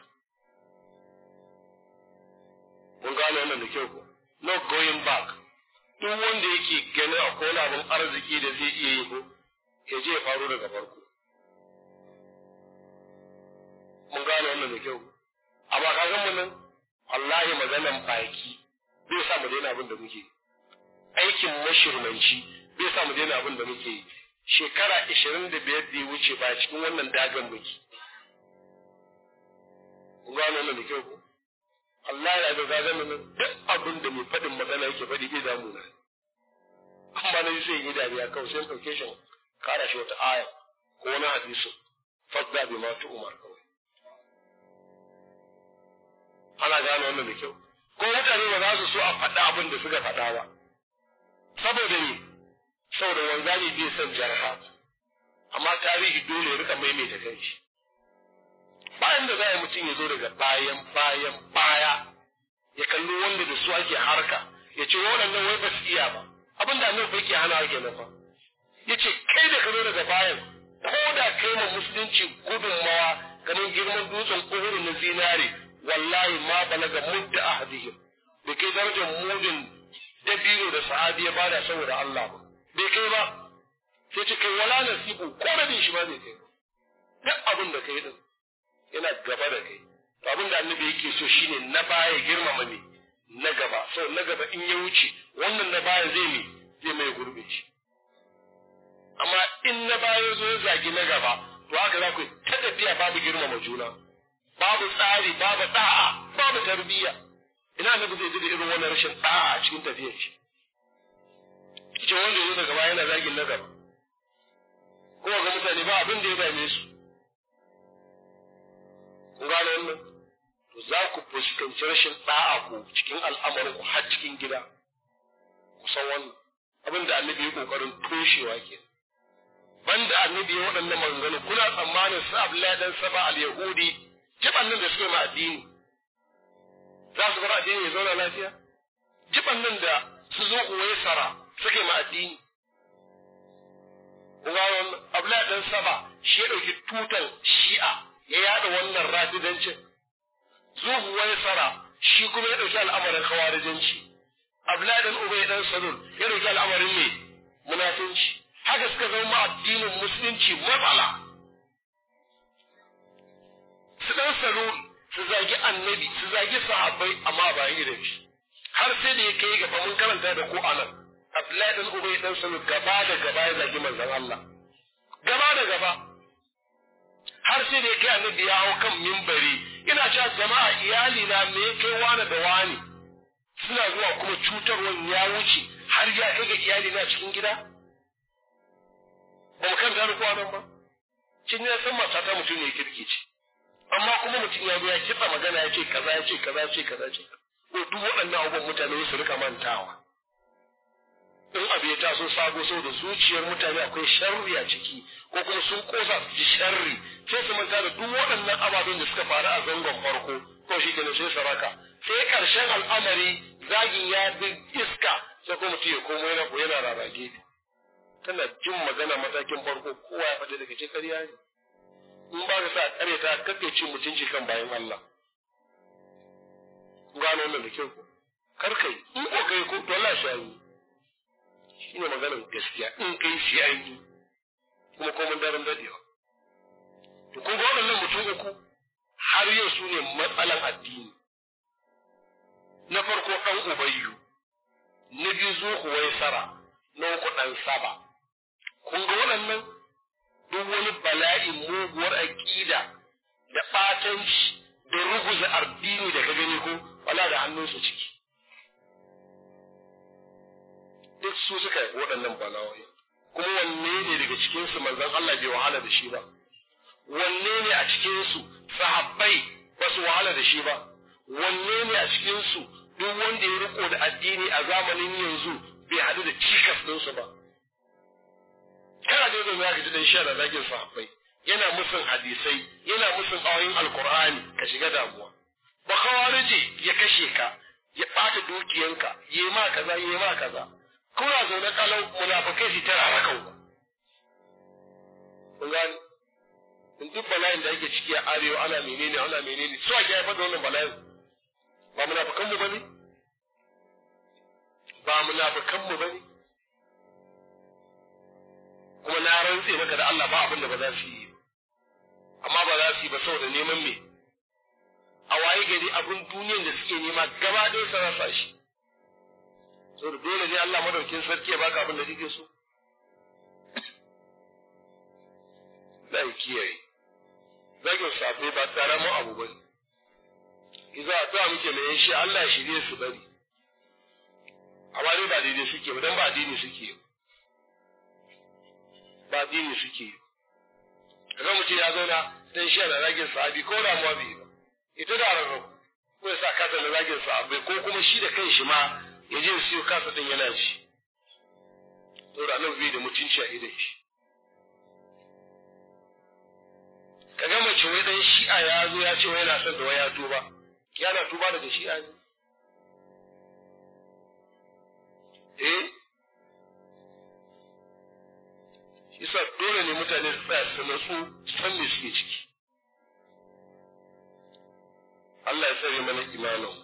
mun gane wannan da kyau ko no going back duk wanda yake ganin akwai wani abin arziki da zai iya yi ko ya je faru daga farko mun gane wannan da kyau amma ka ga mun wallahi maganan baki bai sa mu daina abin da muke aikin mashirmanci bai sa mu daina abin da muke yi shekara ishirin da biyar da ya wuce ba cikin wannan dagan muke. mun gano wannan da kyau ku? Allah ya ga zama nan duk abin da mai faɗin magana yake faɗi bai damu na amma na sai yi dariya kawo sai ɗauke shi kara shi wata aya ko wani hadisi fadda bi ma tu umar kawai ana gane wannan da kyau ko mutane ba za su so a faɗa abin da suka faɗa ba saboda ne saboda wanzani bai son jarha amma tarihi dole ya rika maimaita kanshi bayan da za a mutum ya zo daga bayan bayan baya ya kalli wanda da su ake harka ya ce waɗannan wai ba su iya ba abin da annabi yake hana ake nan ba. ya ce kai da ka zo daga bayan ko da kai ma musulunci gudunmawa ganin girman dutsen kohuri na zinare wallahi ma balaga mudda ahadihim bai kai darajar mudin dabino da sahabi ya bada saboda Allah ba bai kai ba sai ce kai wala nasibu ko da shi ba zai kai duk abin da kai din yana gaba da kai to abin da annabi yake so shine na baya girmama me na gaba so na gaba in ya wuce wannan na baya zai me zai mai gurbe shi amma in na baya zo ya zagi na gaba to haka za ku ta tafiya babu girmama juna babu tsari babu da'a babu tarbiyya ina annabi zai da irin wannan rashin da'a a cikin tafiyar shi ce wanda ya zo daga baya yana zagin na gaba kuma ga mutane ba abin da ya dame su kun gane wannan to za ku fuskanci rashin ɗa'a ku cikin al'amarin ku har cikin gida ku san wannan abin da annabi ya kokarin toshewa ke banda annabi ya waɗannan maganganu kuna tsammanin su Abdullahi dan Saba al-Yahudi jiban nan da suke ma addini za su bar addini ya zauna lafiya jiban nan da su zo uwaisara suke ma addini wannan Abdullahi dan Saba shi ya ɗauki tutan Shi'a ya yada wannan rafidancin zuhu wani sara shi kuma ya ɗauki al'amarin khawarijanci abladin ubay ɗan salul ya ɗauki al'amarin ne munafinci haka suka zama addinin musulunci matsala su dan salu su zagi annabi su zagi sahabbai amma ba yi da shi har sai da ya kai gaba mun karanta da ko anan abladin ubay ɗan salul gaba da gaba ya zagi manzon Allah gaba da gaba har sai da ya kai annabi ya hau kan mimbari ina cewa jama'a iyali na me kai wani da wani suna zuwa kuma cutarwan ya wuce har ya kai ga iyali na cikin gida ba mu kan gano kowa ba cin ya san mata ta mutum ne kirki ce amma kuma mutum ya zo ya kitsa magana ya ce kaza ya ce kaza ya ce kaza ya ce ko duk waɗannan abubuwan mutane su rika mantawa in abu ya taso sabo saboda zuciyar mutane akwai sharri a ciki ko kuma sun kosa su ji sharri sai su manta da duk waɗannan ababen da suka faru a zangon farko ko shi kenan sai saraka sai ƙarshen al'amari zagin ya bi iska sai kuma mutum ya komo yana ko yana rarage tana jin magana matakin farko kowa ya faɗi daga cikin ƙarya ne in ba ka sa ƙarya ta ci mutunci kan bayan Allah gano wannan da kyau ko kar kai in ko kai ko to Allah shi Ina maganar gaskiya in kai shi an yi kuma komai daren dadewa to ko ga waɗannan mutum uku har yau su ne matsalan addini na farko ɗan ubayyu na biyu zo sara na uku ɗan saba kun ga waɗannan duk wani bala'i muguwar aƙida da ɓatanci da ruguza addini da ka gani ko wala da hannunsu ciki duk su suka yi waɗannan bala'o'i kuma wanne ne daga cikinsu manzon Allah bai wahala da shi ba wanne ne a cikinsu sahabbai ba su wahala da shi ba wanne ne a cikinsu duk wanda ya riko da addini a zamanin yanzu bai haɗu da cikas ɗinsu ba kana da yanzu zaka ji dan sha da sahabbai yana musun hadisai yana musun ayoyin alkur'ani ka shiga damuwa ba ya kashe ka ya ɓata dukiyanka yi ma kaza yi ma kaza kuna zaune kalau munafukai su tara na kawo kun gani in duk bala'in da ake ciki a arewa ana menene ana menene su ake haifar da wannan bala'in ba munafukan mu bane ba munafukan mu bane kuma na rantse maka da Allah ba abin da ba za su yi amma ba za su yi ba saboda neman me a waye gari abin duniyar da suke nema gaba ɗaya sarrafa shi to dole ne Allah madaukin sarki ya baka abin da kake so dai kiyaye zagin safe ba tare mu abu bane idan ta muke mai shi Allah shirye su bari amma dai ba daidai suke ba dan ba dini suke ba dini suke kaga ce ya zauna dan shi da zagin sahabi ko da mu bi ba ita da rarrabu ko ya sa ta da zagin bai ko kuma shi da kanshi ma ya je siyo kasa din yana ci saboda annabi bai da mutunci a idan shi ka ga mace wai dan shi'a ya zo ya ce wai yana son da wai ya duba, yana tuba daga shi'a ne eh shi sa dole ne mutane su tsaya su natsu san me suke ciki Allah ya tsare mana imanin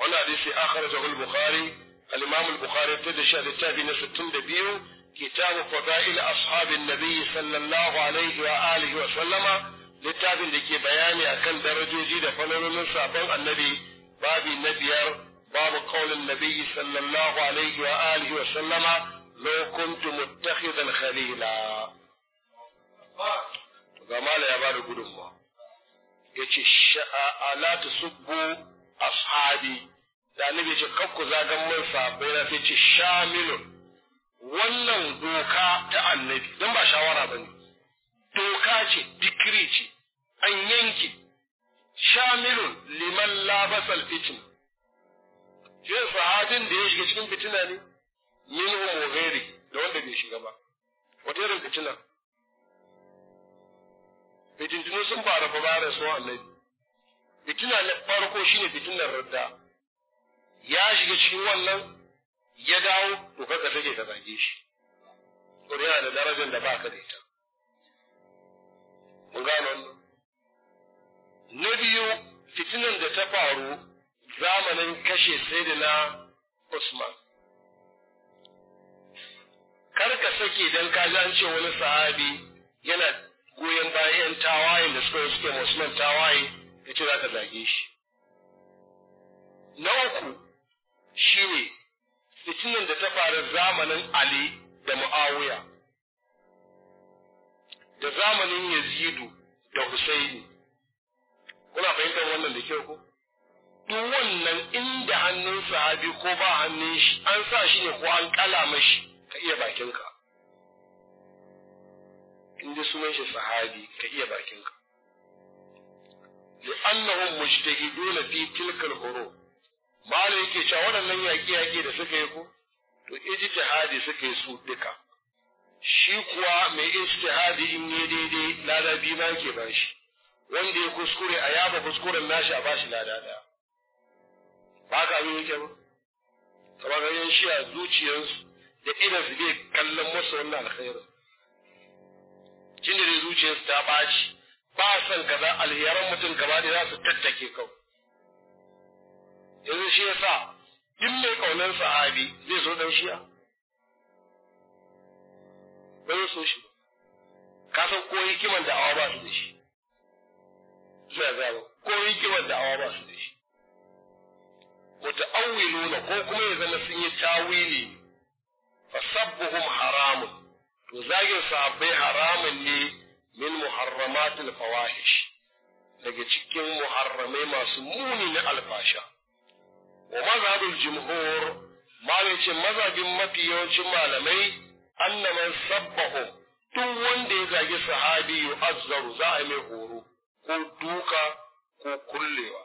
هنا حديث آخر زهو البخاري الإمام البخاري ابتدى شهد التابي نسبتن دبيو كتاب فضائل أصحاب النبي صلى الله عليه وآله وسلم لتاب لكي بيان أكل درجة جيدة فلن ننسى بل النبي باب نبيار باب قول النبي صلى الله عليه وآله وسلم لو كنت متخذا خليلا فقال يا بار قدوم يتشاء لا تسبوا ashabi da annabi ce ku zagan man sahabbai na sai ce shamilun wannan doka ta annabi don ba shawara ba ne doka ce dikiri ce an yanke shamilun liman labasal fitin shi sahabin da ya shiga cikin fitina ne min ghairi da wanda bai shiga ba wata irin fitina fitintunu sun fara fa ba da suwan annabi fitina na farko shine fitinar radda ya shiga cikin wannan ya dawo to kaga take ka zage shi to yana da darajar da baka da ita mun gano na biyu fitinan da ta faru zamanin kashe na Usman kar ka sake dan ka ji an ce wani sahabi yana goyon bayan tawayen da suka suke musulman tawaye ya ce za ka zage shi na uku shi ne fitinin da ta faru zamanin ali da mu'awiya da zamanin yazidu da husaini kuna fahimtar wannan da kyau ko duk wannan inda hannun sahabi ko ba hannun shi an sa shi ne ko an kala mashi ka iya bakinka inda sunan shi sahabi ka iya bakinka annahum mujtahiduna fi tilkal huruf malai yake cewa waɗannan yaƙe-yaƙe da suka yi ko to ijtihadi suka yi su duka shi kuwa mai ijtihadi in ne daidai lada biyu ma yake bashi wanda ya kuskure a yaba kuskuren nashi a bashi lada ɗaya ba ka abin yake ba kamar shi a zuciyarsu da idan su kallon masu wannan alkhairin cin da zuciyarsu ta ɓaci ba son kaza alheran mutum gaba da za su tattake kau yanzu shi yasa duk mai kaunar sahabi zai so dan shi'a ba zai so shi ka san ko hikiman da awa ba su da shi zai zaba ko hikiman da awa ba su da shi wata awwiluna ko kuma ya zama sun yi tawili fa sabbuhum haramun to zagin sahabbai haramun ne min muharramatul fawahish daga cikin muharramai masu muni na alfasha wa mazhabul jumhur ma mazhabin mafi yawancin malamai annaman sabbahu duk wanda ya zagi sahabi yu'azzaru za a mai horo ko duka ko kullewa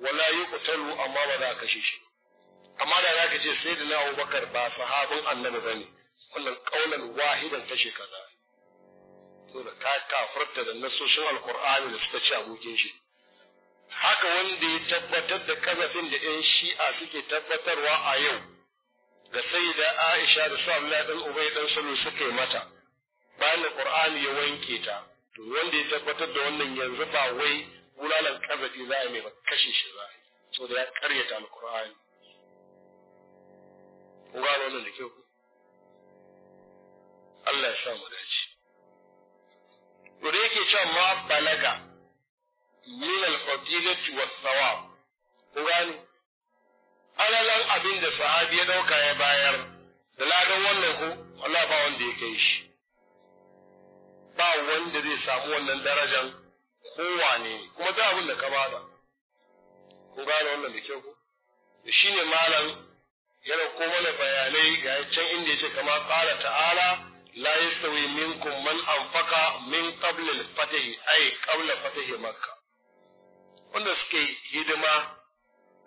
wala yuqtalu amma ba za a kashe shi amma da za ka ce sai da na abubakar ba sahabin annabi bane wannan kaulan wahidan kashe kaza so da ka kafarta da nasoshin alkur'ani da suka ci abokin shi haka wanda ya tabbatar da kazafin da yan shi'a suke tabbatarwa a yau ga sai da aisha da su Allah dan ubai dan salo suka yi mata bayan da qur'ani ya wanke ta to wanda ya tabbatar da wannan yanzu ba wai gulalan kazafi za a mai ba kashe shi za a so da ya karyata alkur'ani ku gano wannan da kyau Allah ya sa mu dace to yake cewa ma balaga min al-fadilati wa sawab ko gani alalan abin da sahabi ya dauka ya bayar da ladan wannan ko Allah ba wanda ya kai shi ba wanda zai samu wannan darajan kowane kuma da abin da ka bada ko gane wannan da kyau ko shine malam yana ko mana bayanai ga can inda ce kamar qala ta'ala la yastawi minkum man anfaqa min qabla al-fath ay qabla fath makka wanda suke hidima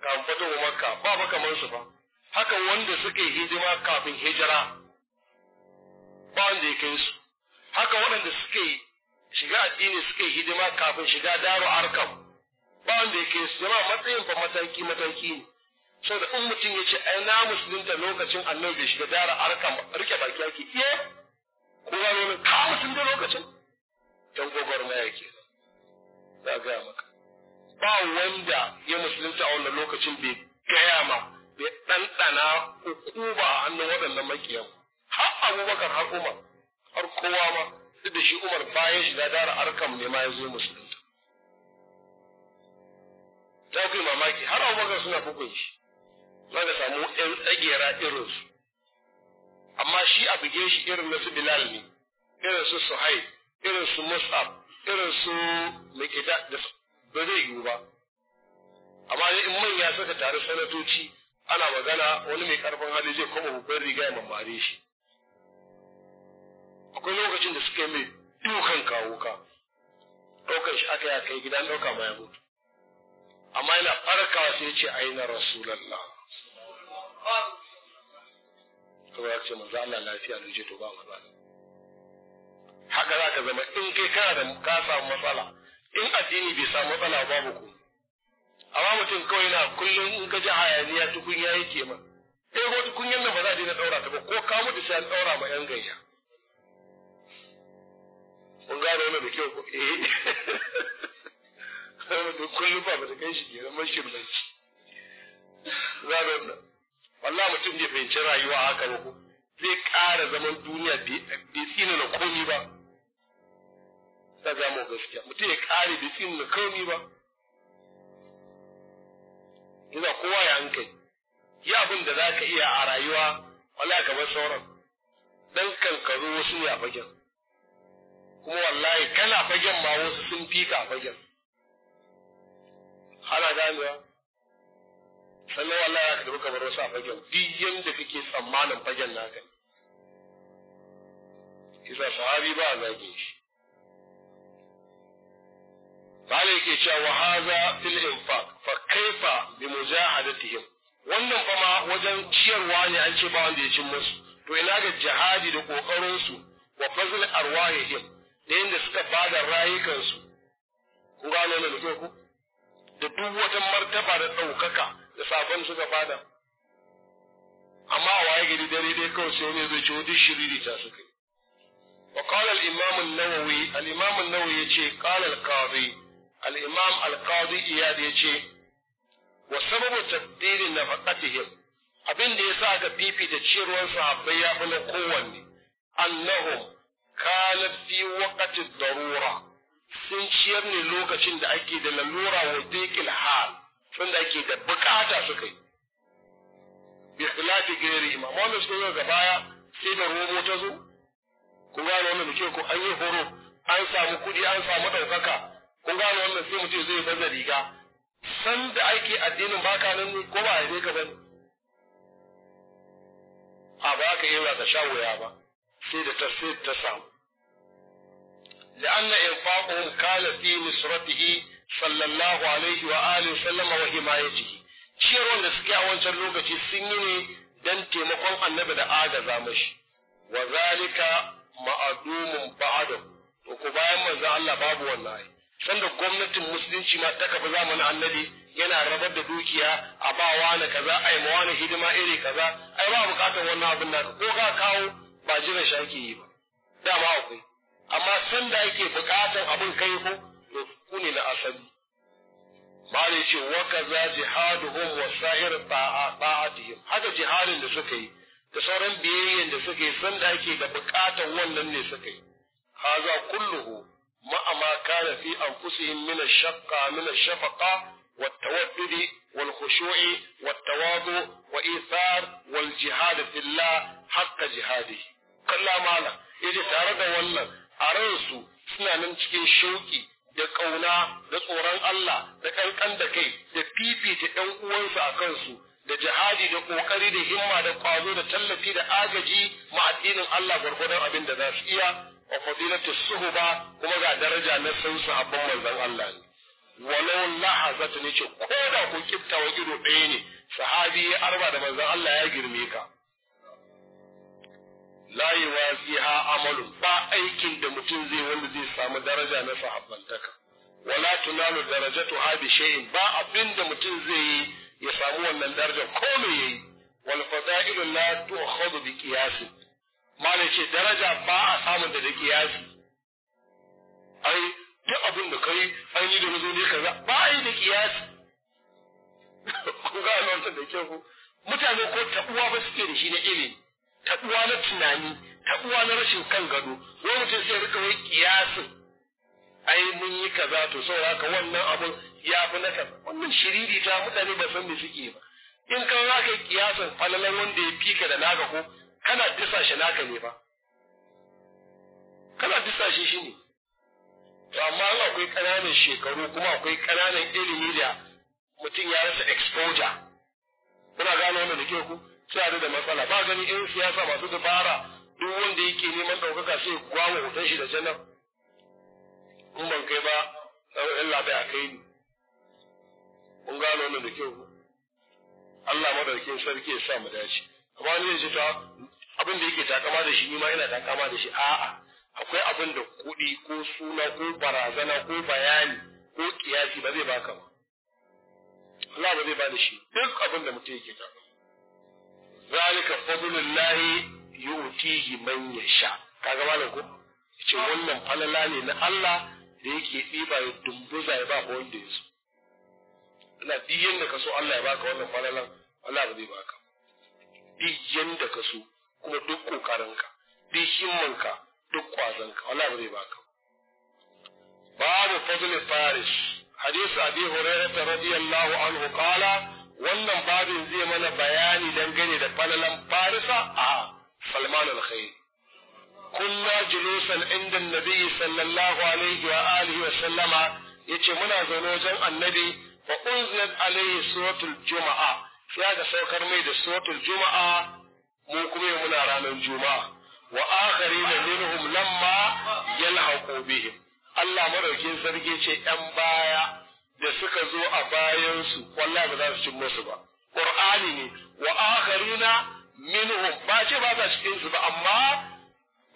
kafin fatawa makka ba ba kamar su ba haka wanda suke hidima kafin hijira ba wanda ya kai su haka waɗanda suke shiga addini suke hidima kafin shiga daro arkam ba wanda ya kai su jama'a matsayin fa mataki mataki ne saboda in mutum ya ce ai na musulunta lokacin annabi bai shiga daro arkam rike baki ake iya ko ya zo ka sun da lokacin dan gwagwarmaya ke za ga maka ba wanda ya musulunta a wannan lokacin bai gaya ma bai ɗanɗana ko hukuma a hannun waɗannan makiyan har abubakar har umar har kowa ma duk da shi umar bayan shiga dara arkam ne ma ya zo musulunta Ta ku mamaki har abubakar suna bugun shi za ka samu ‘yan tsagera irinsu amma shi a buge shi irin na su Bilal ne irin su Suhaib irin su Mus'ab irin su Mikida da ba zai yiwu ba amma in manya suka tare sanatoci ana magana wani mai karfin hali zai koma babban riga ya mamare shi akwai lokacin da suka yi mai dukan kawo ka ɗaukar shi aka yi kai gidan ɗauka ma ya mutu amma yana farkawa sai ce aina rasulallah kawai ya ce manzo Allah lafiya ne ce to ba matsala haka za ka zama in kai kana da ka samu matsala in addini bai samu matsala babu ku amma mutum kawai na kullum in ka ji hayaniya tukunya yake ma eh ko tukunyan nan ba za a daina daura ta ba ko ka mutu sai an daura ma yan gayya kun gane wannan da kyau ko eh kullum ba ba ta kai shi ke zama shirmanci gane wannan wallahi mutum bai fahimci rayuwa haka ba zai ƙara zaman duniya bai tsina na komi ba ta mu gaskiya mutum ya ƙare bai tsina na komi ba Ina kowa ya hankali yi abin da za ka iya a rayuwa wala ka bar sauran dan kankaro wasu ya fagen kuma wallahi kana fagen ma wasu sun fi ka fagen hana ganewa sannan wallahi ya ka kamar wasu a fagen duk yanda kake tsammanin fagen naka ne isa sahabi ba a zage shi Bala yake cewa wa haza fil infaq fa kaifa bi mujahadatihim wannan fa wajen ciyarwa ne an ce ba wanda ya cin musu to ina ga jihadi da kokarin su wa fazl arwahihim da yanda suka bada rayukan su ku gano ne da ku da duk wata martaba da daukaka da safan suka fada amma a waye gari dare dai kawai sai wani zai ci wani shiriri ta suka wa qala al imam an-nawawi al imam an-nawawi yace qala al qadi al imam al qadi iyad yace wa sababu tabdil nafaqatihim abin da yasa aka fifita ciyarwar sahabbai ya fi kowanne Annahu kana fi waqti darura sun ciyar ne lokacin da ake da lalura wa dhiqil hal sun da ake da bukata suka yi bi khilafi gairi imam wanda shi yi ga baya sai da romo ta zo kun gane wannan da ke ko an yi horo an samu kudi an samu ɗaukaka kun gane wannan sai mutum zai baza riga san da ake addinin baka nan ne ko ba a yi ka bane a ba ka yi wa ka sha wuya ba sai da ta sai ta samu لأن إنفاقهم كان في نصرته sallallahu alaihi wa alihi sallama wa himayati ciyarwan da suke a wancan lokaci sun yi ne dan taimakon annabi da agaza mashi wa zalika ma'adumun ba'adahu to ku bayan manzo Allah babu wallahi sanda gwamnatin musulunci ma ta kafa zamanin annabi yana rabar da dukiya a ba wani kaza ai ma wani hidima iri kaza ai ba bukatar wannan abin da ko ka kawo ba jira shi yi ba dama akwai amma sanda yake bukatar abin kai ko ku ne la'asari ba da ce wa ka za jihaduhum wa sa'ir ta'atihim haka jihadin da suka yi da sauran biyayyen da suka yi san da ake da bukatar wannan ne suka yi haza kulluhu ma amma kana fi anfusihim min ash-shaqqa min ash-shafaqa wa at-tawaddudi wa al-khushu'i wa at-tawadu wa ithar wa al-jihad fillah haqqa jihadi kalla mala tare da wannan a ransu suna nan cikin shauki da ƙauna da tsoron Allah da ƙanƙan da kai da fifita ɗan uwansu a kansu da jihadi da ƙoƙari da himma da ƙwazo da tallafi da agaji ma addinin Allah gwargwadon abin da za su iya wa fadilatu suhuba kuma ga daraja na san su manzon Allah ne walau lahazat ne ce ko da ku kifta wa ido ɗaya ne sahabi ya arba da manzon Allah ya girme ka la yuwafiha amalun ba aikin da mutum zai wanda zai samu daraja na sahabbantaka wala tunalu darajatuha bi shay'in ba abin da mutum zai yi ya samu wannan daraja ko me yayi wal fada'il la tu'khadhu bi qiyas malai ce daraja ba a samu da da qiyasi ai duk abin da kai ai ni da nazo ne kaza ba ai da qiyasi ku ga wannan da kyau mutane ko tabuwa ba suke da shi na ilimi taɓuwa na tunani taɓuwa na rashin kan gado wani mutum sai rika wai kiyasin ai mun yi kaza to saboda haka wannan abun ya fi na kaza wannan shiriri ta mutane ba san me suke ba in kan za ka yi kiyasin falalan wanda ya fika da naka ko kana disa shi naka ne ba kana disa shi shi ne to amma in akwai ƙananan shekaru kuma akwai ƙananan ilimi da mutum ya rasa exposure kuna gane wanda da ke ku sai da matsala ba gani yan siyasa masu dabara duk wanda yake neman ɗaukaka sai kwawo hoton shi da janar in ban kai ba yan labai a kai ni kun gano wannan da kyau Allah madaukin sarki ya sa mu dace amma ne ji ta abin da yake takama da shi ni yana takama da shi a'a akwai abin da kuɗi ko suna ko barazana ko bayani ko kiyasi ba zai baka ba Allah ba zai ba da shi duk abin da mutum yake takama zalika fadlullahi yu'tihi man yasha kaga malam ko ce wannan falala ne na Allah da yake diba ya dumbuza ya ba ko wanda ya so ina diyan da ka so Allah ya baka wannan falalan Allah ba zai baka diyan da ka so kuma duk kokarinka duk himmanka duk kwazanka Allah ba zai baka babu fadl faris hadisi abi hurairah radiyallahu anhu qala wannan babin zai mana bayani dangane da falalan farisa a salman alkhairi kunna julusan inda nabi sallallahu alaihi wa alihi wa sallama yace muna zaune wajen annabi fa unzilat alaihi suratul juma'a sai ga saukar mai da suratul juma'a mu kuma muna ranar juma'a wa akharina minhum lamma yalhaqu bihim Allah maraukin sarki ce ‘yan baya da suka zo a bayansu wallahi ba za su cin musu ba qur'ani ne wa akharina minhum ba ce ba za cikin su ba amma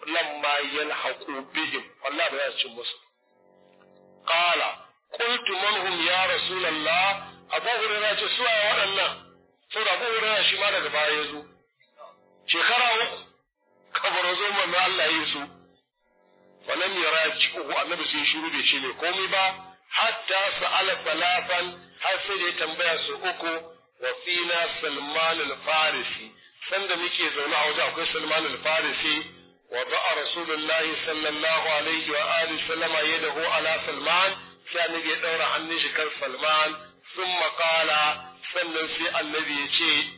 lamma yalhaqu bihim wallahi ba za su cin musu qala qultu man hum ya rasulullah abu hurairah ce suwa waɗannan saboda abu hurairah shi ma daga baya ya zo shekara uku kabar zo manzo Allah ya yi su falam yaraji'uhu annabi sai shiru bai ce mai komai ba حتى سأل ثلاثا هل سيدي تنبيه سوكو وفينا سلمان الفارسي سند ميكي زونا عوجا سلمان الفارسي وضع رسول الله صلى الله عليه وآله وسلم يده على سلمان كان يدي عن عني سلمان ثم قال سند سي الذي يجي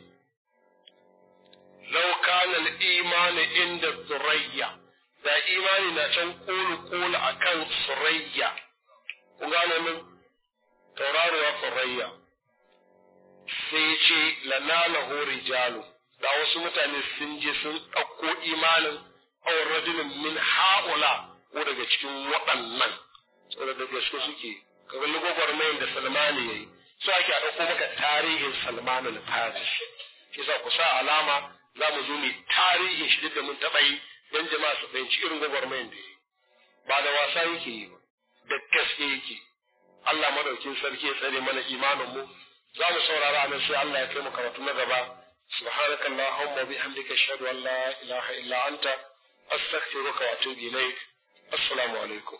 لو كان الإيمان عند الثريا da imani na can kulu kun gane min tauraruwa farayya sai ya ce hori jalo. da wasu mutane sun je sun ɗauko imanin awon rajinin min ha'ula ko daga cikin waɗannan tsoron da gaske suke kaga lugogwar mayan da salmani ya yi su ake a ɗauko maka tarihin salmanin faris shi sa ku sa alama za mu zo mai tarihin shi da mun taɓa yi don jama'a su fahimci irin gwagwarmayin da ya yi ba da wasa yake yi ba da gaske yake Allah madaukin sarki ya tsare mana imanin mu za mu saurara nan sai Allah ya kai mu karatu na gaba subhanaka allahumma bihamdika ashhadu an la ilaha illa anta astaghfiruka wa atubu ilaik assalamu alaikum